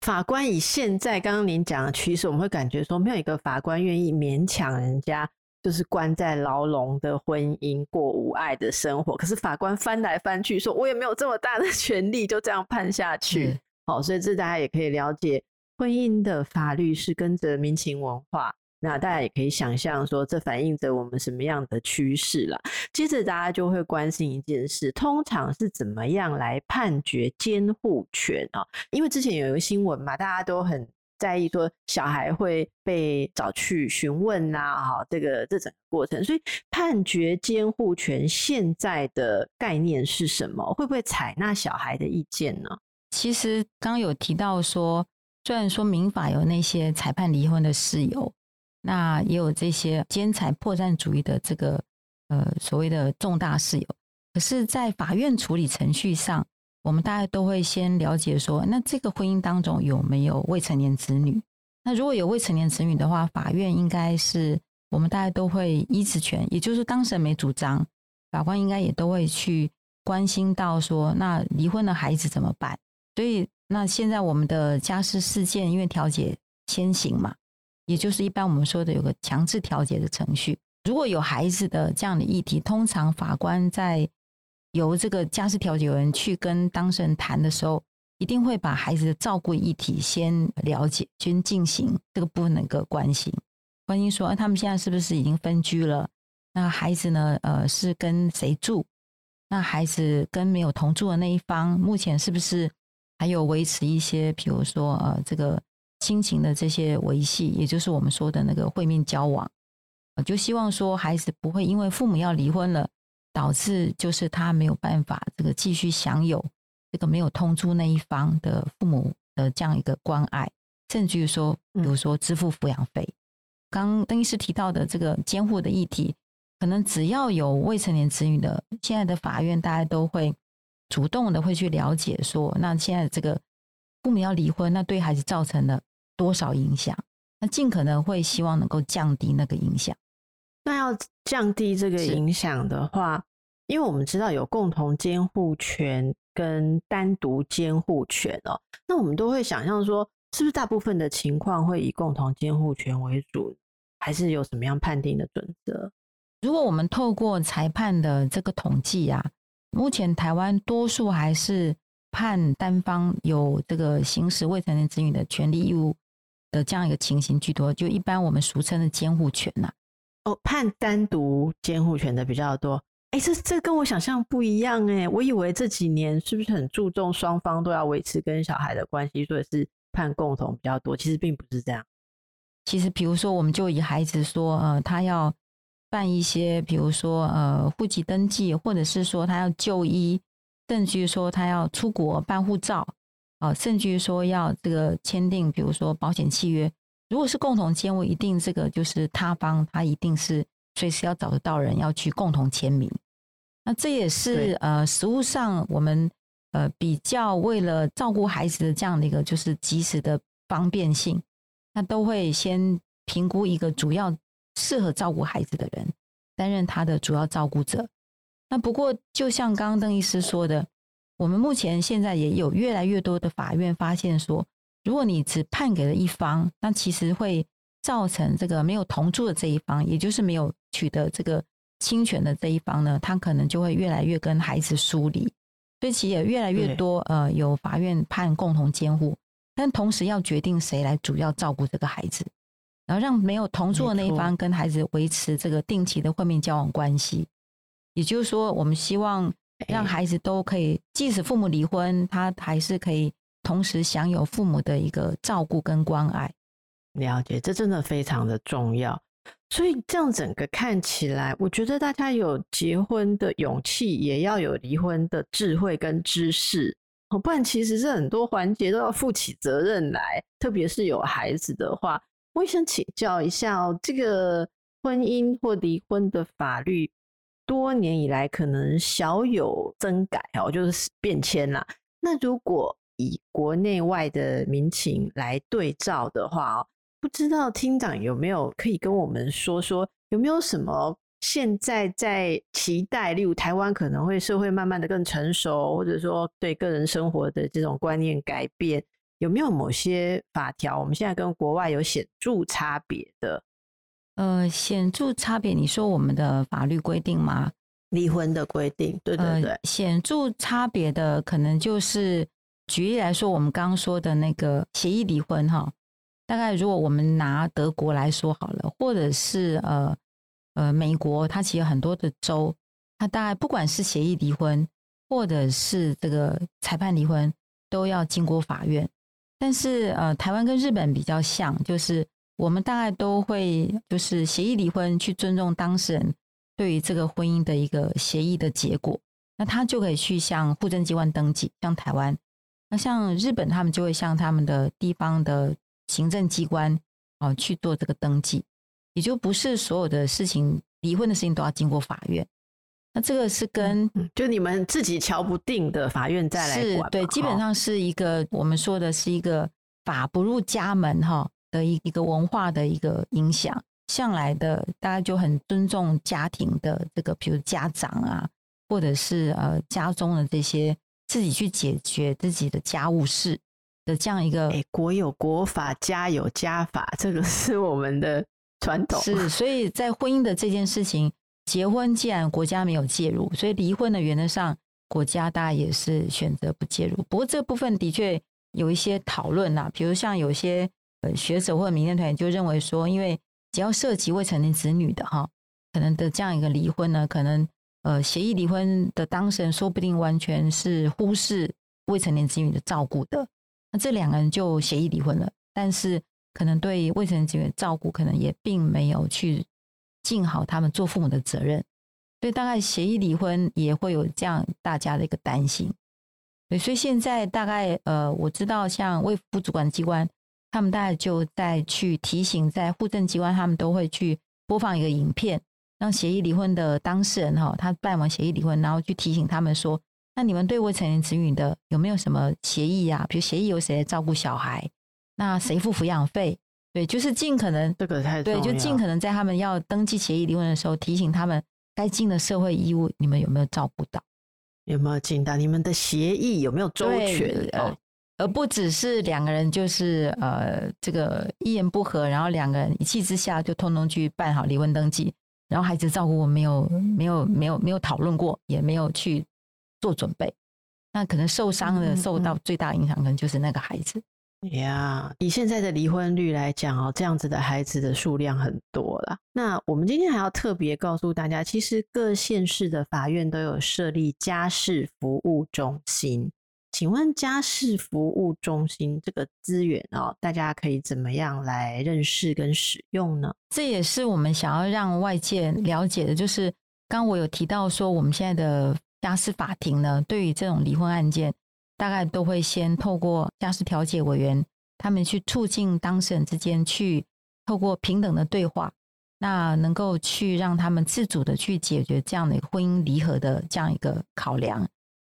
法官以現在剛剛您講的趨勢，其實我們會感覺說，沒有一個法官願意勉強人家。就是關在牢籠的婚姻，過無愛的生活。可是法官翻來翻去，說我也沒有這麼大的權力，就這樣判下去。好、嗯哦，所以這大家也可以了解，婚姻的法律是跟着民情文化。那大家也可以想象說，這反映着我們什麼樣的趨勢了？接着大家就會關心一件事，通常是怎麼樣來判決監護權啊、哦？因為之前有一個新聞嘛，大家都很。在意說小孩會被找去詢問吶、啊，哈，這個這整個過程，所以判決監護權現在的概念是什麼？會不會採納小孩的意見呢？其實剛有提到說，雖然說民法有那些裁判離婚的事由，那也有這些兼採破綻主義的這個呃所謂的重大事由，可是，在法院處理程序上。我們大家都會先了解說，那這個婚姻當中有沒有未成年子女？那如果有未成年子女的話，法院應該是我們大家都會依職權，也就是當事人沒主張，法官應該也都會去關心到說，那離婚的孩子怎麼辦？所以，那現在我們的家事事件因為調解先行嘛，也就是一般我們說的有個強制調解的程序，如果有孩子的這樣的議題，通常法官在。由這個家事調解員去跟當事人談的時候，一定會把孩子的照顧議題先了解，先進行這個部分的一個關心。關心說、啊，他們現在是不是已經分居了？那孩子呢？呃，是跟誰住？那孩子跟沒有同住的那一方，目前是不是還有維持一些，比如說呃，這個親情的這些維繫，也就是我們說的那個會面交往。啊、就希望說，孩子不會因為父母要離婚了。導致就是他沒有辦法這個繼續享有這個沒有通知那一方的父母的這樣一個關愛，甚至於說，比如說支付撫養費。剛鄧醫師提到的這個監護的議題，可能只要有未成年子女的，現在的法院大家都會主動的會去了解，說那現在這個父母要離婚，那對孩子造成了多少影響？那盡可能會希望能夠降低那個影響。嗯。那要降低這個影響的話，是因為我們知道有共同監護權跟單獨監護權哦，那我們都會想象說，是不是大部分的情況會以共同監護權為主，還是有什麼樣判定的準則？如果我們透過裁判的這個統計啊，目前台灣多數還是判單方有這個行使未成年子女的權利義務的這樣一個情形居多，就一般我們俗稱的監護權吶、啊。判單獨監護權的比較多，哎，這這跟我想象不一樣哎，我以為這幾年是不是很注重雙方都要維持跟小孩的關係，所以是判共同比較多，其實並不是這樣。其實，比如說，我們就以孩子說，呃，他要辦一些，比如說，呃，戶籍登記，或者是說他要就醫，甚至於說他要出國辦護照，啊、呃，甚至於說要這個簽訂，比如說保險契約。如果是共同簽我一定這個就是他方，他一定是隨時要找得到的人要去共同簽名。那這也是對呃，實務上我們呃比較為了照顧孩子的這樣的一個就是及時的方便性，那都會先評估一個主要適合照顧孩子的人擔任他的主要照顧者。那不過就像剛剛鄧醫師說的，我們目前現在也有越來越多的法院發現說。如果你只判給了一方，那其實會造成這個沒有同住的這一方，也就是沒有取得這個親權的這一方呢，他可能就會越來越跟孩子疏離。所以，其實也越來越多對呃，有法院判共同監護，但同時要決定誰來主要照顧這個孩子，然後讓沒有同住的那一方跟孩子維持這個定期的會面交往關係。也就是說，我們希望讓孩子都可以，對即使父母離婚，他還是可以。同時享有父母的一個照顧跟關愛，了解這真的非常的重要。所以這樣整個看起來，我覺得大家有結婚的勇氣，也要有離婚的智慧跟知識。哦，不然其實是很多環節都要負起責任來。特別是有孩子的話，我想請教一下哦，這個婚姻或離婚的法律，多年以來可能小有增改哦，就是變遷了。那如果以國內外的民情來對照的話，不知道廳長有沒有可以跟我們說說，有沒有什麼現在在期待？例如台灣可能會社會慢慢的更成熟，或者說對個人生活的這種觀念改變，有沒有某些法條我們現在跟國外有顯著差別的？呃，顯著差別，你說我們的法律規定嗎？離婚的規定，對對對，呃，顯著差別的可能就是。舉例來說，我們剛剛說的那個協議離婚，哈，大概如果我們拿德國來說好了，或者是呃呃美國，它其實有很多的州，它大概不管是協議離婚，或者是這個裁判離婚，都要經過法院。但是呃，台灣跟日本比較像，就是我們大概都會就是協議離婚，去尊重當事人對於這個婚姻的一個協議的結果，那他就可以去向戶政機關登記，像台灣。那像日本，他們就會向他們的地方的行政機關哦去做這個登記，也就不是所有的事情，離婚的事情都要經過法院。那這個是跟、嗯、就你們自己喬不定的法院再來管吧，是對，基本上是一個我們說的是一個法不入家門哈的一個文化的一個影響，向來的大家就很尊重家庭的這個，比如家長啊，或者是呃家中的這些。自己去解決自己的家務事的這樣一個，哎，國有國法，家有家法，這個是我們的傳統。是，所以在婚姻的這件事情，結婚既然國家沒有介入，所以離婚的原則上，國家大概也是選擇不介入。不過這部分的確有一些討論吶，比如像有些呃學者或者民間團就認為說，因為只要涉及未成年子女的哈，可能的這樣一個離婚呢，可能。呃，協議離婚的當事人說不定完全是忽視未成年子女的照顧的，那這兩個人就協議離婚了，但是可能對未成年子女的照顧可能也並沒有去盡好他們做父母的責任，所以大概協議離婚也會有這樣大家的一個擔心。對，所以現在大概呃，我知道像衛福主管機關，他們大概就在去提醒，在戶政機關他們都會去播放一個影片。讓協議離婚的當事人哈，他辦完協議離婚，然後去提醒他們說：“那你們對未成年子女的有沒有什麼協議呀、啊？比如協議由誰來照顧小孩，那誰付撫養費？對，就是盡可能這個太重要，對，就盡可能在他們要登記協議離婚的時候提醒他們該盡的社會義務，你們有沒有照顧到？有沒有盡到？你們的協議有沒有周全、呃？而不只是兩個人就是呃，這個一言不合，然後兩個人一氣之下就通通去辦好離婚登記。”然後孩子照顧我，我沒有、沒有、沒有、沒有討論過，也沒有去做準備。那可能受傷的、受到最大的影響，可能就是那個孩子。呀，yeah, 以現在的離婚率來講哦，這樣子的孩子的數量很多了。那我們今天還要特別告訴大家，其實各縣市的法院都有設立家事服務中心。請問家事服務中心這個資源哦，大家可以怎麼樣來認識跟使用呢？這也是我們想要讓外界了解的，就是剛剛我有提到說，我們現在的家事法庭呢，對於這種離婚案件，大概都會先透過家事調解委員他們去促進當事人之間去透過平等的對話，那能夠去讓他們自主的去解決這樣的一個婚姻離合的這樣一個考量。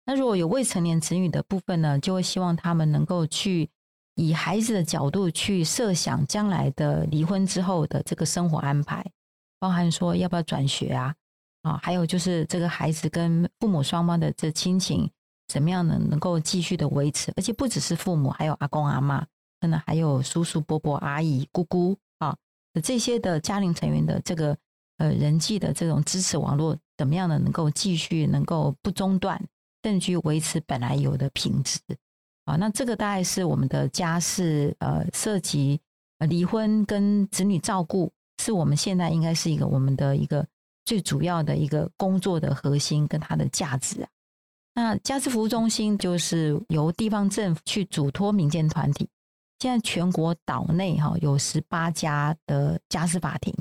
那如果有未成年子女的部分呢，就會希望他們能夠去以孩子的角度去設想將來的離婚之後的這個生活安排，包含說要不要轉學啊，啊，還有就是這個孩子跟父母雙方的這親情怎麼樣能能夠繼續的維持，而且不只是父母，還有阿公阿嬤、真的還有叔叔伯伯、阿姨姑姑啊，這些的家庭成員的這個呃人際的這種支持網絡，怎麼樣呢？能夠繼續能夠不中斷。證據維持本來有的品質啊，那這個大概是我們的家事，呃，涉及離婚跟子女照顧，是我們現在應該是一個我們的一個最主要的一個工作的核心跟它的價值啊。那家事服務中心就是由地方政府去囑託民間團體，現在全國島內哈有十八家的家事法庭，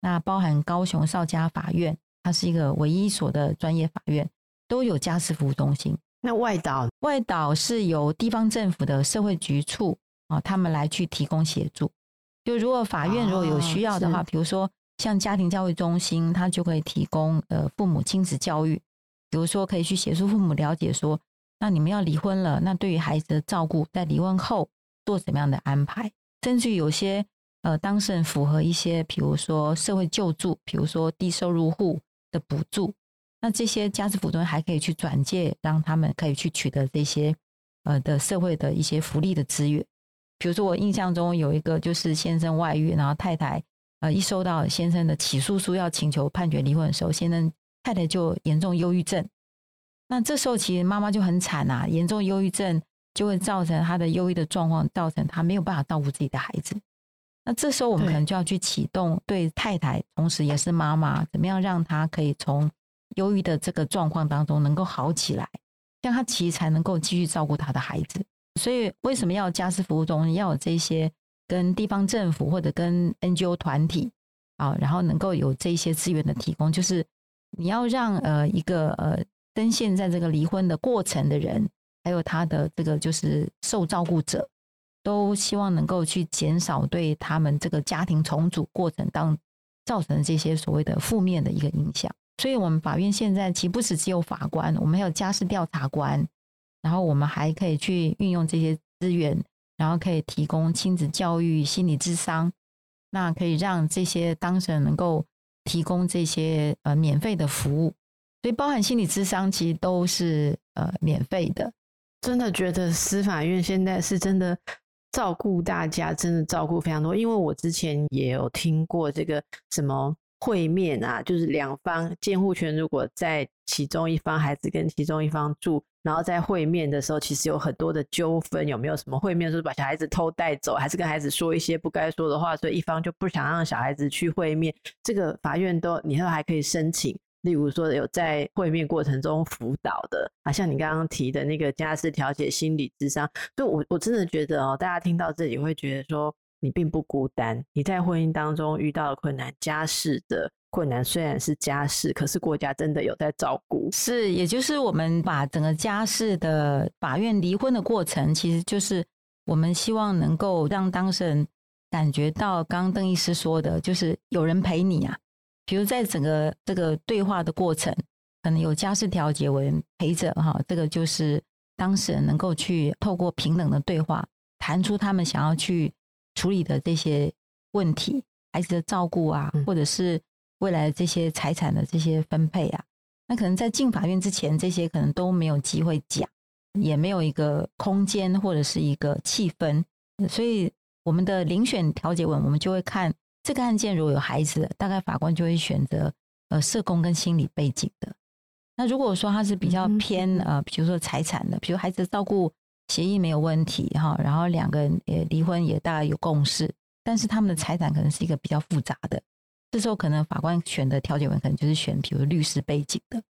那包含高雄少家法院，它是一個唯一所的專業法院。都有家事服務中心。那外島，外島是由地方政府的社會局處啊，他們來去提供協助。就如果法院如果有需要的話，哦、比如說像家庭教育中心，他就可以提供呃父母親子教育。比如說可以去協助父母了解說，那你們要離婚了，那對於孩子的照顧，在離婚後做什麼樣的安排？甚至有些呃當事人符合一些，比如說社會救助，比如說低收入戶的補助。那這些家事服務中心還可以去轉介，讓他們可以去取得這些，呃的社會的一些福利的資源。比如說我印象中有一個就是先生外遇，然後太太呃一收到先生的起訴書，要請求判決離婚的時候，先生太太就嚴重憂鬱症。那這時候其實媽媽就很慘啊，嚴重憂鬱症就會造成她的憂鬱的狀況，造成她沒有辦法照顧自己的孩子。那這時候我們可能就要去啟動對太太，同時也是媽媽，怎麼樣讓她可以從。憂鬱的這個狀況當中能夠好起來，讓他其實才能夠繼續照顧他的孩子。所以，為什麼要家事服務中心要有這些跟地方政府或者跟 NGO 團體啊，然後能夠有這些資源的提供？就是你要讓呃一個呃跟現在這個離婚的過程的人，還有他的這個就是受照顧者，都希望能夠去減少對他們這個家庭重組過程當造成這些所謂的負面的一個影響。所以，我們法院現在其實不止只有法官，我們還有家事調查官，然後我們還可以去運用這些資源，然後可以提供親子教育、心理諮商，那可以讓這些當事人能夠提供這些呃免費的服務。所以，包含心理諮商，其實都是呃免費的。真的覺得司法院現在是真的照顧大家，真的照顧非常多。因為我之前也有聽過這個什麼。會面啊，就是兩方監護權，如果在其中一方孩子跟其中一方住，然後在會面的時候，其實有很多的糾紛，有沒有什麼會面就是把小孩子偷帶走，還是跟孩子說一些不該說的話，所以一方就不想讓小孩子去會面。這個法院都，你都還可以申請，例如說有在會面過程中輔導的，啊，像你剛剛提的那個家事調解、心理諮商，就我我真的覺得哦，大家聽到這裡會覺得說。你並不孤單，你在婚姻當中遇到的困難，家事的困難雖然是家事，可是國家真的有在照顧。是，也就是我們把整個家事的法院離婚的過程，其實就是我們希望能夠讓當事人感覺到，剛剛鄧醫師說的，就是有人陪你啊。比如在整個這個對話的過程，可能有家事調解委員陪着哈，這個就是當事人能夠去透過平等的對話，談出他們想要去。處理的這些問題，孩子的照顧啊，或者是未來的這些財產的這些分配啊，嗯、那可能在進法院之前，這些可能都沒有機會講，也沒有一個空間或者是一個氣氛，嗯、所以我們的遴選調解文，我們就會看這個案件如果有孩子，大概法官就會選擇呃社工跟心理背景的。那如果說他是比較偏、嗯、呃，比如說財產的，比如孩子的照顧。協議沒有問題哈，然後兩個人也離婚，也大家有共識，但是他們的財產可能是一個比較複雜的，這時候可能法官選的調解員可能就是選比如律師背景的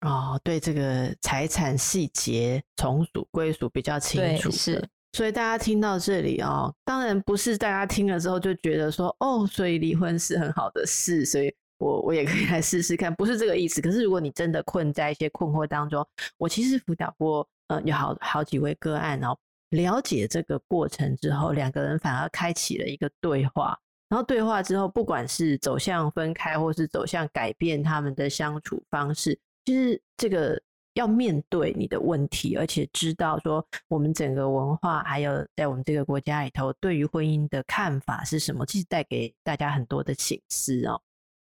哦。對這個財產細節從屬歸屬比較清楚，對，是，所以大家聽到這裡哦。當然不是大家聽了之後就覺得說哦，所以離婚是很好的事，所以我我也可以來試試看，不是這個意思，可是如果你真的困在一些困惑當中，我其實輔導過。呃，有好好幾位個案哦。了解這個過程之後，兩個人反而開啟了一個對話。然後對話之後，不管是走向分開，或是走向改變他們的相處方式，其實這個要面對你的問題，而且知道說我們整個文化，還有在我們這個國家裡頭對於婚姻的看法是什麼，其實帶給大家很多的啟示哦。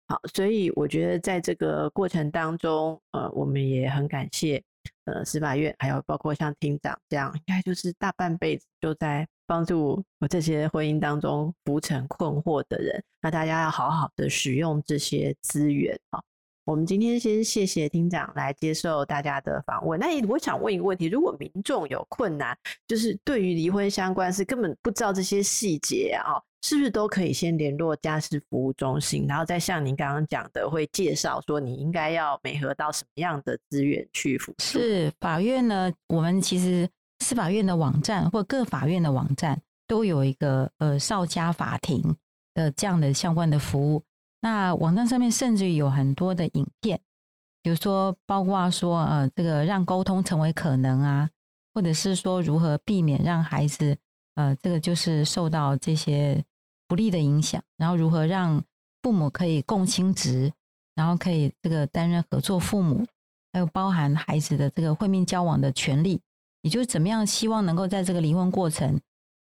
好，所以我覺得在這個過程當中，呃，我們也很感謝。呃，司法院還有包括像廳長這樣，應該就是大半輩子就在幫助我這些婚姻當中浮沉困惑的人，那大家要好好的使用這些資源啊，哦。我們今天先謝謝廳長來接受大家的訪問。那我想問一個問題：如果民眾有困難，就是對於離婚相關是根本不知道這些細節啊。哦是不是都可以先聯絡家事服務中心，然後再像您剛剛講的，會介紹說你應該要媒合到什麼樣的資源去服務？是法院呢？我們其實司法院的網站或各法院的網站都有一個呃少家法庭的這樣的相關的服務。那網站上面甚至有很多的影片，比如說包括說呃這個讓溝通成為可能啊，或者是說如何避免讓孩子呃這個就是受到這些。不利的影響，然後如何讓父母可以共親職，然後可以這個擔任合作父母，還有包含孩子的這個會面交往的權利，也就怎麼樣希望能夠在這個離婚過程，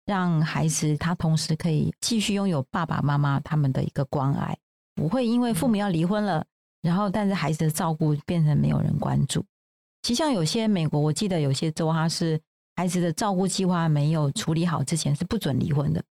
讓孩子他同時可以繼續擁有爸爸媽媽他們的一個關愛，不會因為父母要離婚了，然後但是孩子的照顧變成沒有人關注。其實像有些美國，我記得有些州他是孩子的照顧計劃沒有處理好之前是不准離婚的。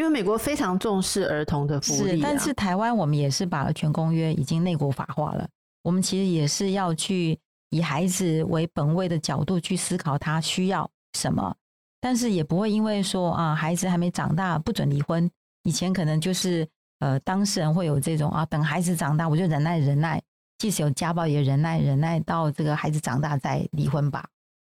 因為美國非常重視兒童的福利、啊，但是台灣我們也是把《兒權公約》已經內國法化了。我們其實也是要去以孩子為本位的角度去思考他需要什麼，但是也不會因為說啊，孩子還沒長大不准離婚。以前可能就是呃，當事人會有這種啊，等孩子長大我就忍耐忍耐，即使有家暴也忍耐忍耐，到這個孩子長大再離婚吧。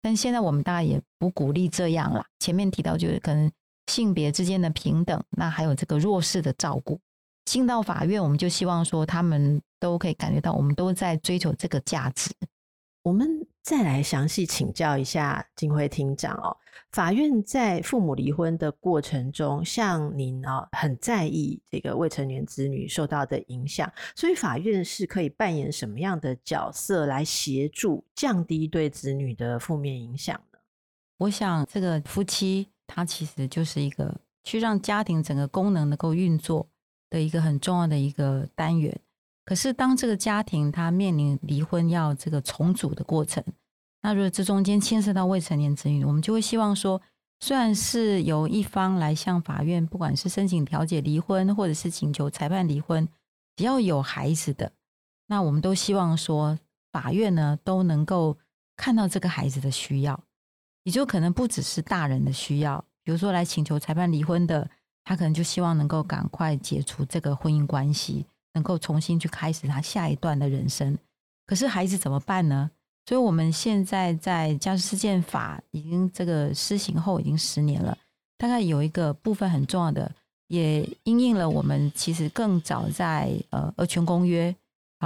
但現在我們大家也不鼓勵這樣啦。前面提到就是可能。性別之間的平等，那還有這個弱勢的照顧，進到法院，我們就希望說，他們都可以感覺到，我們都在追求這個價值。我們再來詳細請教一下靜慧廳長哦。法院在父母離婚的過程中，像您啊、哦，很在意這個未成年子女受到的影響，所以法院是可以扮演什麼樣的角色來協助降低對子女的負面影響呢？我想，這個夫妻。它其實就是一個去讓家庭整個功能能夠運作的一個很重要的一個單元。可是，當這個家庭它面臨離婚要這個重組的過程，那如果這中間牽涉到未成年子女，我們就會希望說，雖然是由一方來向法院，不管是申請調解離婚，或者是請求裁判離婚，只要有孩子的，那我們都希望說，法院呢都能夠看到這個孩子的需要。也就可能不只是大人的需要，比如說來請求裁判離婚的，他可能就希望能夠趕快解除這個婚姻關係，能夠重新去開始他下一段的人生。可是孩子怎麼辦呢？所以我們現在在家事事件法已經這個施行後已經十年了，大概有一個部分很重要的，也因應了我們其實更早在呃《兒權公約》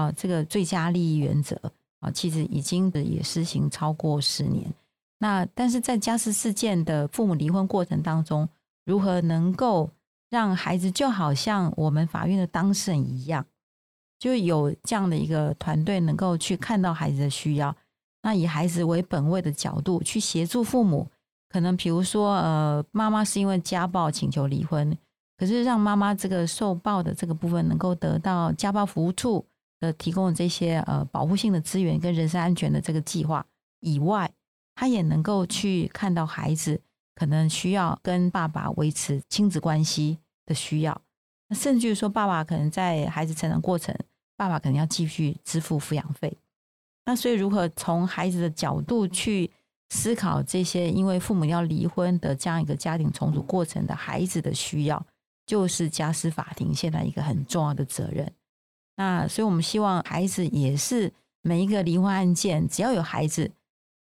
啊這個最佳利益原則啊，其實已經也施行超過十年。那但是，在家事事件的父母離婚過程當中，如何能夠讓孩子就好像我們法院的當事人一樣，就有這樣的一個團隊能夠去看到孩子的需要，那以孩子為本位的角度去協助父母，可能比如說，呃，媽媽是因為家暴請求離婚，可是讓媽媽這個受暴的這個部分能夠得到家暴服務處的提供的這些呃保護性的資源跟人身安全的這個計劃以外。他也能夠去看到孩子可能需要跟爸爸維持親子關係的需要，那甚至說，爸爸可能在孩子成長過程，爸爸可能要繼續支付撫養費。那所以，如何從孩子的角度去思考這些，因為父母要離婚的這樣一個家庭重組過程的孩子的需要，就是家事法庭現在一個很重要的責任。那所以，我們希望孩子也是每一個離婚案件，只要有孩子。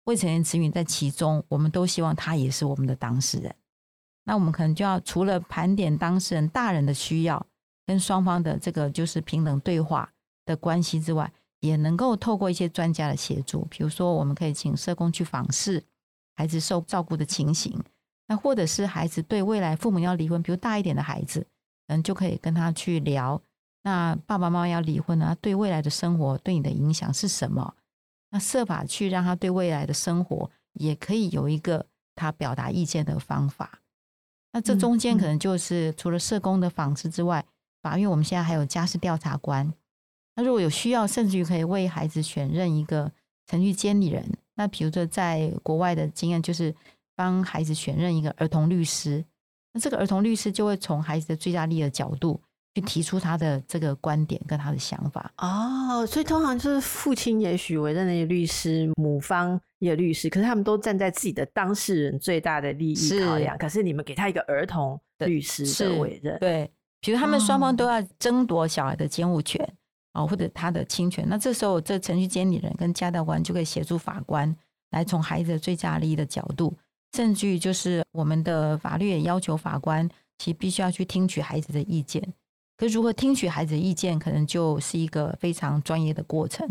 未成年子女在其中，我們都希望他也是我們的當事人。那我們可能就要除了盤點當事人大人的需要，跟雙方的這個就是平等對話的關係之外，也能夠透過一些專家的協助，比如說我們可以請社工去訪視孩子受照顧的情形，那或者是孩子對未來父母要離婚，比如大一點的孩子，嗯，就可以跟他去聊，那爸爸媽媽要離婚啊，對未來的生活對你的影響是什麼？那設法去讓他對未來的生活也可以有一個他表達意見的方法。那這中間可能就是除了社工的訪視之外，法院、嗯嗯、我們現在還有家事調查官。那如果有需要，甚至於可以為孩子選任一個程序監理人。那比如說在國外的經驗，就是幫孩子選任一個兒童律師。那這個兒童律師就會從孩子的最大利益的角度，提出他的這個觀點跟他的想法哦，所以通常就是父親也許委任的律師，母方也律師，可是他們都站在自己的當事人最大的利益考量。是，可是你們給他一個兒童的律師的委任，對，比如他們雙方都要爭奪小孩的監護權啊，嗯、或者他的親權，那這時候這程序監理人跟家教官就可以協助法官來從孩子的最佳利益的角度，證據就是我們的法律也要求法官其實必須要去聽取孩子的意見。就如何聽取孩子的意見，可能就是一個非常專業的過程。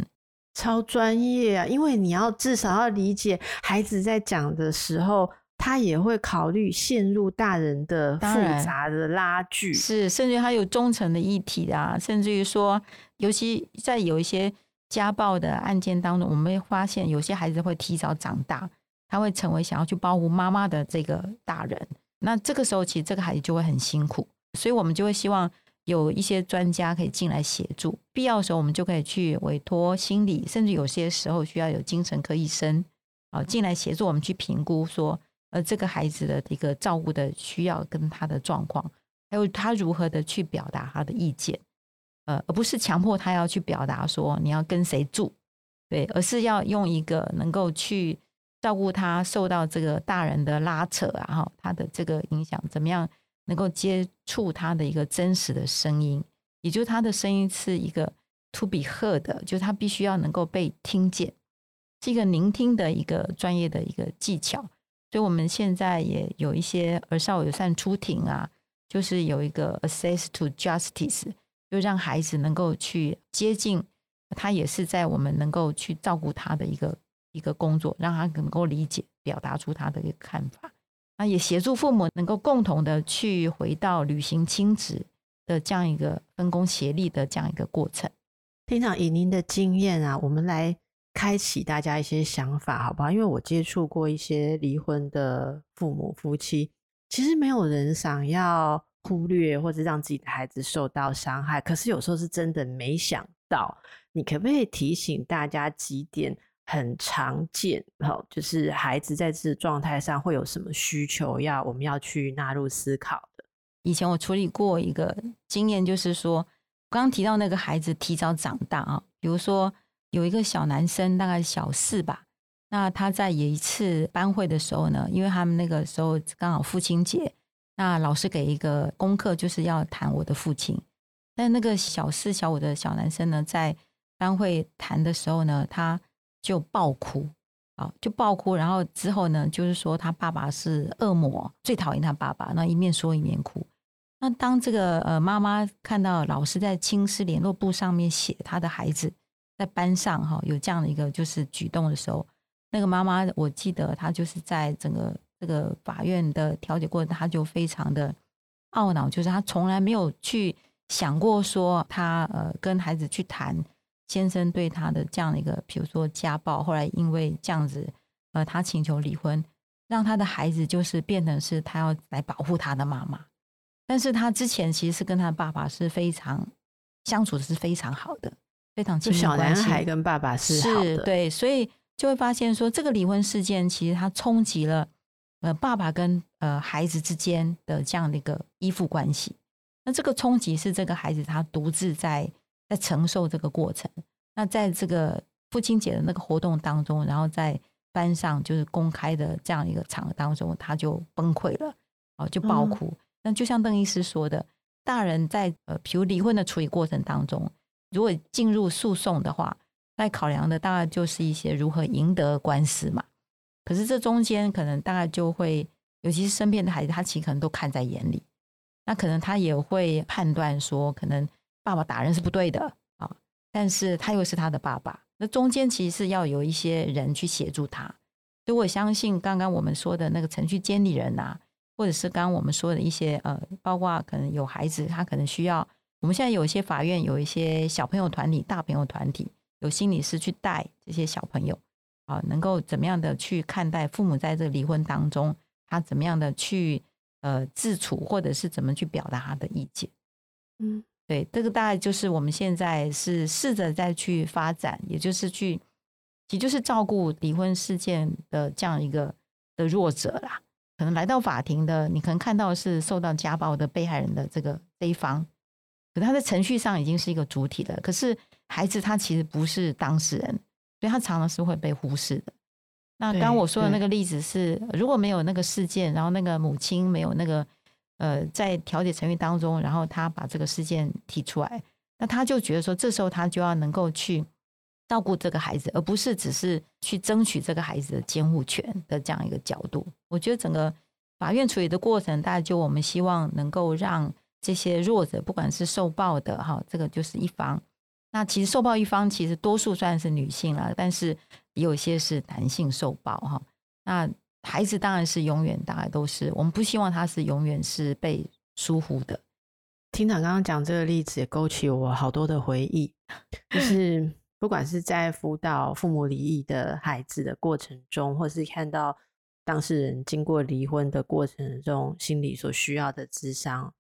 超專業啊，因為你要至少要理解孩子在講的時候，他也會考慮陷入大人的複雜的拉鋸，是甚至於他有忠誠的議題啊，甚至於說，尤其在有一些家暴的案件當中，我們會發現有些孩子會提早長大，他會成為想要去保護媽媽的這個大人。那這個時候，其實這個孩子就會很辛苦，所以我們就會希望。有一些專家可以進來協助，必要的時候我們就可以去委托心理，甚至有些時候需要有精神科醫生啊進來協助我們去評估說，呃，這個孩子的一個照顧的需要跟他的狀況，還有他如何的去表達他的意見，呃，而不是強迫他要去表達說你要跟誰住，對，而是要用一個能夠去照顧他受到這個大人的拉扯，啊，他的這個影響怎麼樣。能夠接觸他的一個真實的聲音，也就是他的聲音是一個 to be heard 的，就是他必須要能夠被聽見，是一個聆聽的一個專業的一個技巧。所以我們現在也有一些兒少友善出庭啊，就是有一個 access to justice，就讓孩子能夠去接近他，也是在我們能夠去照顧他的一個一個工作，讓他能夠理解、表達出他的一個看法。啊，也協助父母能夠共同的去回到履行親職的這樣一個分工協力的這樣一個過程。廳長，以您的經驗啊，我們來開啟大家一些想法，好不好？因為我接觸過一些離婚的父母夫妻，其實沒有人想要忽略或者讓自己的孩子受到傷害，可是有時候是真的沒想到。你可不可以提醒大家幾點？很常見，哈，就是孩子在這個狀態上會有什麼需求要，要我們要去納入思考的。以前我處理過一個經驗，就是說，剛剛提到那個孩子提早長大啊，比如說有一個小男生，大概小四吧，那他在有一次班會的時候呢，因為他們那個時候剛好父親節，那老師給一個功課就是要談我的父親，但那個小四、小五的小男生呢，在班會談的時候呢，他，就爆哭，啊，就爆哭。然後之後呢，就是說他爸爸是惡魔，最討厭他爸爸，那一面說一面哭。那當這個呃媽媽看到老師在親師聯絡簿上面寫他的孩子在班上哈、哦、有這樣的一個就是舉動的時候，那個媽媽我記得她就是在整個這個法院的調解過程，她就非常的懊惱，就是她從來沒有去想過說她呃跟孩子去談。先生對他的這樣的一個，比如說家暴，後來因為這樣子，呃，他請求離婚，讓他的孩子就是變成是他要來保護他的媽媽。但是他之前其實是跟他爸爸是非常相處的是非常好的，非常親密關係。小男孩跟爸爸是好的。是，對，所以就會發現說，這個離婚事件其實他衝擊了呃爸爸跟呃孩子之間的這樣的一個依附關係。那這個衝擊是這個孩子他獨自在。在承受這個過程，那在這個父親節的那個活動當中，然後在班上就是公開的這樣一個場合當中，他就崩潰了，哦，就爆哭。那就像鄧醫師說的，大人在呃，比如離婚的處理過程當中，如果進入訴訟的話，那考量的大概就是一些如何贏得官司嘛。可是這中間可能大概就會，尤其是身邊的孩子，他其實可能都看在眼裡，那可能他也會判斷說，可能。爸爸打人是不對的啊，但是他又是他的爸爸。那中間其實是要有一些人去協助他，所以我相信剛剛我們說的那個程序監理人啊，或者是剛剛我們說的一些呃，包括可能有孩子，他可能需要我們現在有一些法院有一些小朋友團體、大朋友團體，有心理師去帶這些小朋友啊、呃，能夠怎麼樣的去看待父母在這離婚當中，他怎麼樣的去呃自處，或者是怎麼去表達他的意見，嗯。對，這個大概就是我們現在是試着再去發展，也就是去，也就是照顧離婚事件的這樣一個的弱者啦。可能來到法庭的，你可能看到是受到家暴的被害人的這個這一方，可他在程序上已經是一個主體了，可是孩子他其實不是當事人，所以他常常是會被忽視的。那剛剛我說的那個例子是，如果沒有那個事件，然後那個母親沒有那個。呃，在調解程序當中，然後他把這個事件提出來，那他就覺得說，這時候他就要能夠去照顧這個孩子，而不是只是去爭取這個孩子的監護權的這樣一個角度。我覺得整個法院處理的過程，大概就我們希望能夠讓這些弱者，不管是受暴的哈，這個就是一方，那其實受暴一方其實多數算是女性啦，但是有些是男性受暴哈，那。孩子當然是永遠，大概都是我們不希望他是永遠是被疏忽的。廳長剛剛講這個例子，也勾起我好多的回憶，就是不管是在輔導父母離異的孩子的過程中，或是看到當事人經過離婚的過程中，心理所需要的諮商，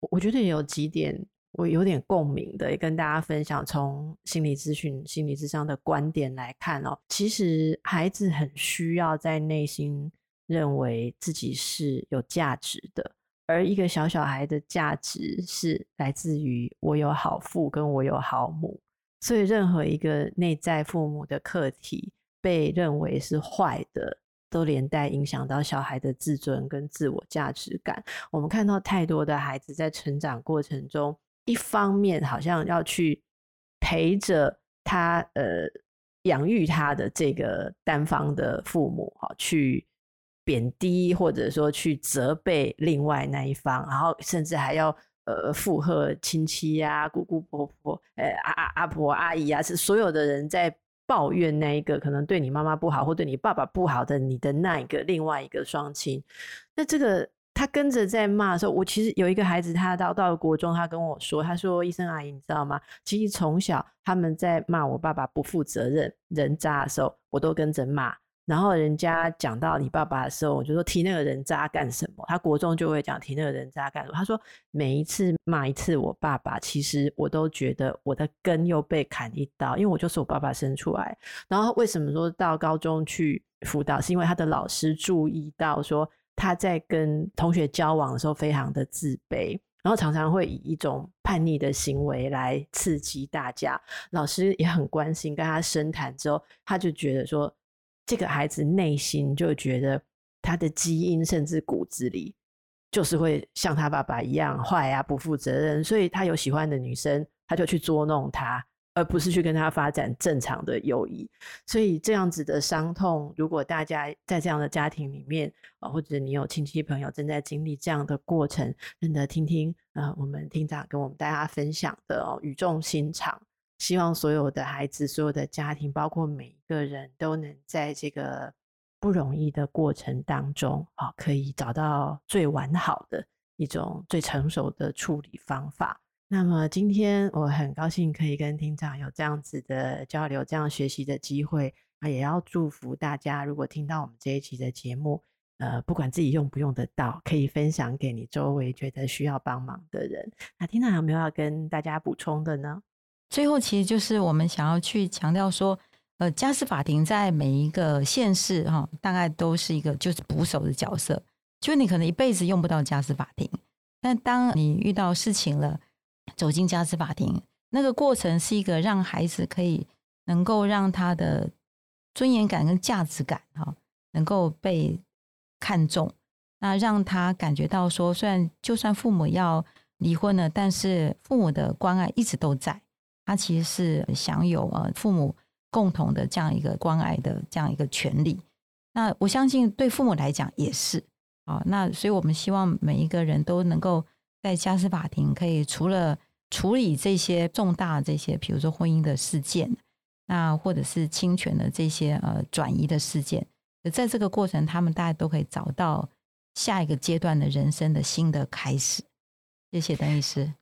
我我覺得有幾點。我有點共鳴的，也跟大家分享。從心理諮詢、心理諮商的觀點來看哦、喔，其實孩子很需要在內心認為自己是有價值的，而一個小小孩的價值是來自於我有好父跟我有好母。所以，任何一個內在父母的客體被認為是壞的，都連帶影響到小孩的自尊跟自我價值感。我們看到太多的孩子在成長過程中。一方面好像要去陪着他，呃，養育他的這個單方的父母哈，去貶低或者說去責備另外那一方，然後甚至還要呃附和親戚呀、啊、姑姑、婆婆、哎阿阿阿婆、阿、啊、姨啊，是所有的人在抱怨那一個可能對你媽媽不好或對你爸爸不好的你的那一個另外一個雙親，那這個。他跟着在罵的時候，我其實有一個孩子，他到到國中，他跟我說，他說：“醫生阿姨，你知道嗎？其實從小他們在罵我爸爸不負責任、人渣的時候，我都跟着罵。然後人家講到你爸爸的時候，我就說：‘提那個人渣幹什麼？’他國中就會講：‘提那個人渣幹什麼？’他說：‘每一次罵一次我爸爸，其實我都覺得我的根又被砍一刀，因為我就是我爸爸生出來。’然後為什麼說到高中去輔導，是因為他的老師注意到說。他在跟同學交往的時候非常的自卑，然後常常會以一種叛逆的行為來刺激大家。老師也很關心，跟他深談之後，他就覺得說，這個孩子內心就覺得他的基因甚至骨子裡就是會像他爸爸一樣壞啊，不負責任，所以他有喜歡的女生，他就去捉弄他。而不是去跟他發展正常的友誼，所以這樣子的傷痛，如果大家在這樣的家庭裡面啊、哦，或者你有親戚朋友正在經歷這樣的過程，真的聽聽啊、呃，我們廳長跟我們大家分享的哦，語重心長，希望所有的孩子、所有的家庭，包括每一個人，都能在這個不容易的過程當中啊、哦，可以找到最完好的一種最成熟的處理方法。那麼今天我很高興可以跟廳長有這樣子的交流，這樣學習的機會啊！也要祝福大家，如果聽到我們這一集的節目，呃，不管自己用不用得到，可以分享給你周圍覺得需要幫忙的人。那、啊、廳長有沒有要跟大家補充的呢？最後，其實就是我們想要去強調說，呃，家事法庭在每一個縣市哈、哦，大概都是一個就是捕手的角色，就你可能一輩子用不到家事法庭，但當你遇到事情了，走進家事法庭，那個過程是一個讓孩子可以能夠讓他的尊嚴感跟價值感哈，能夠被看重，那讓他感覺到說，雖然就算父母要離婚了，但是父母的關愛一直都在，他其實是享有呃父母共同的這樣一個關愛的這樣一個權利。那我相信對父母來講也是啊，那所以我們希望每一個人都能夠。在家事法庭可以除了處理這些重大這些，比如說婚姻的事件，那或者是侵權的這些呃轉移的事件，在這個過程，他們大家都可以找到下一個階段的人生的新的開始。謝謝鄧醫師，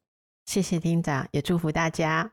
謝謝廳長，也祝福大家。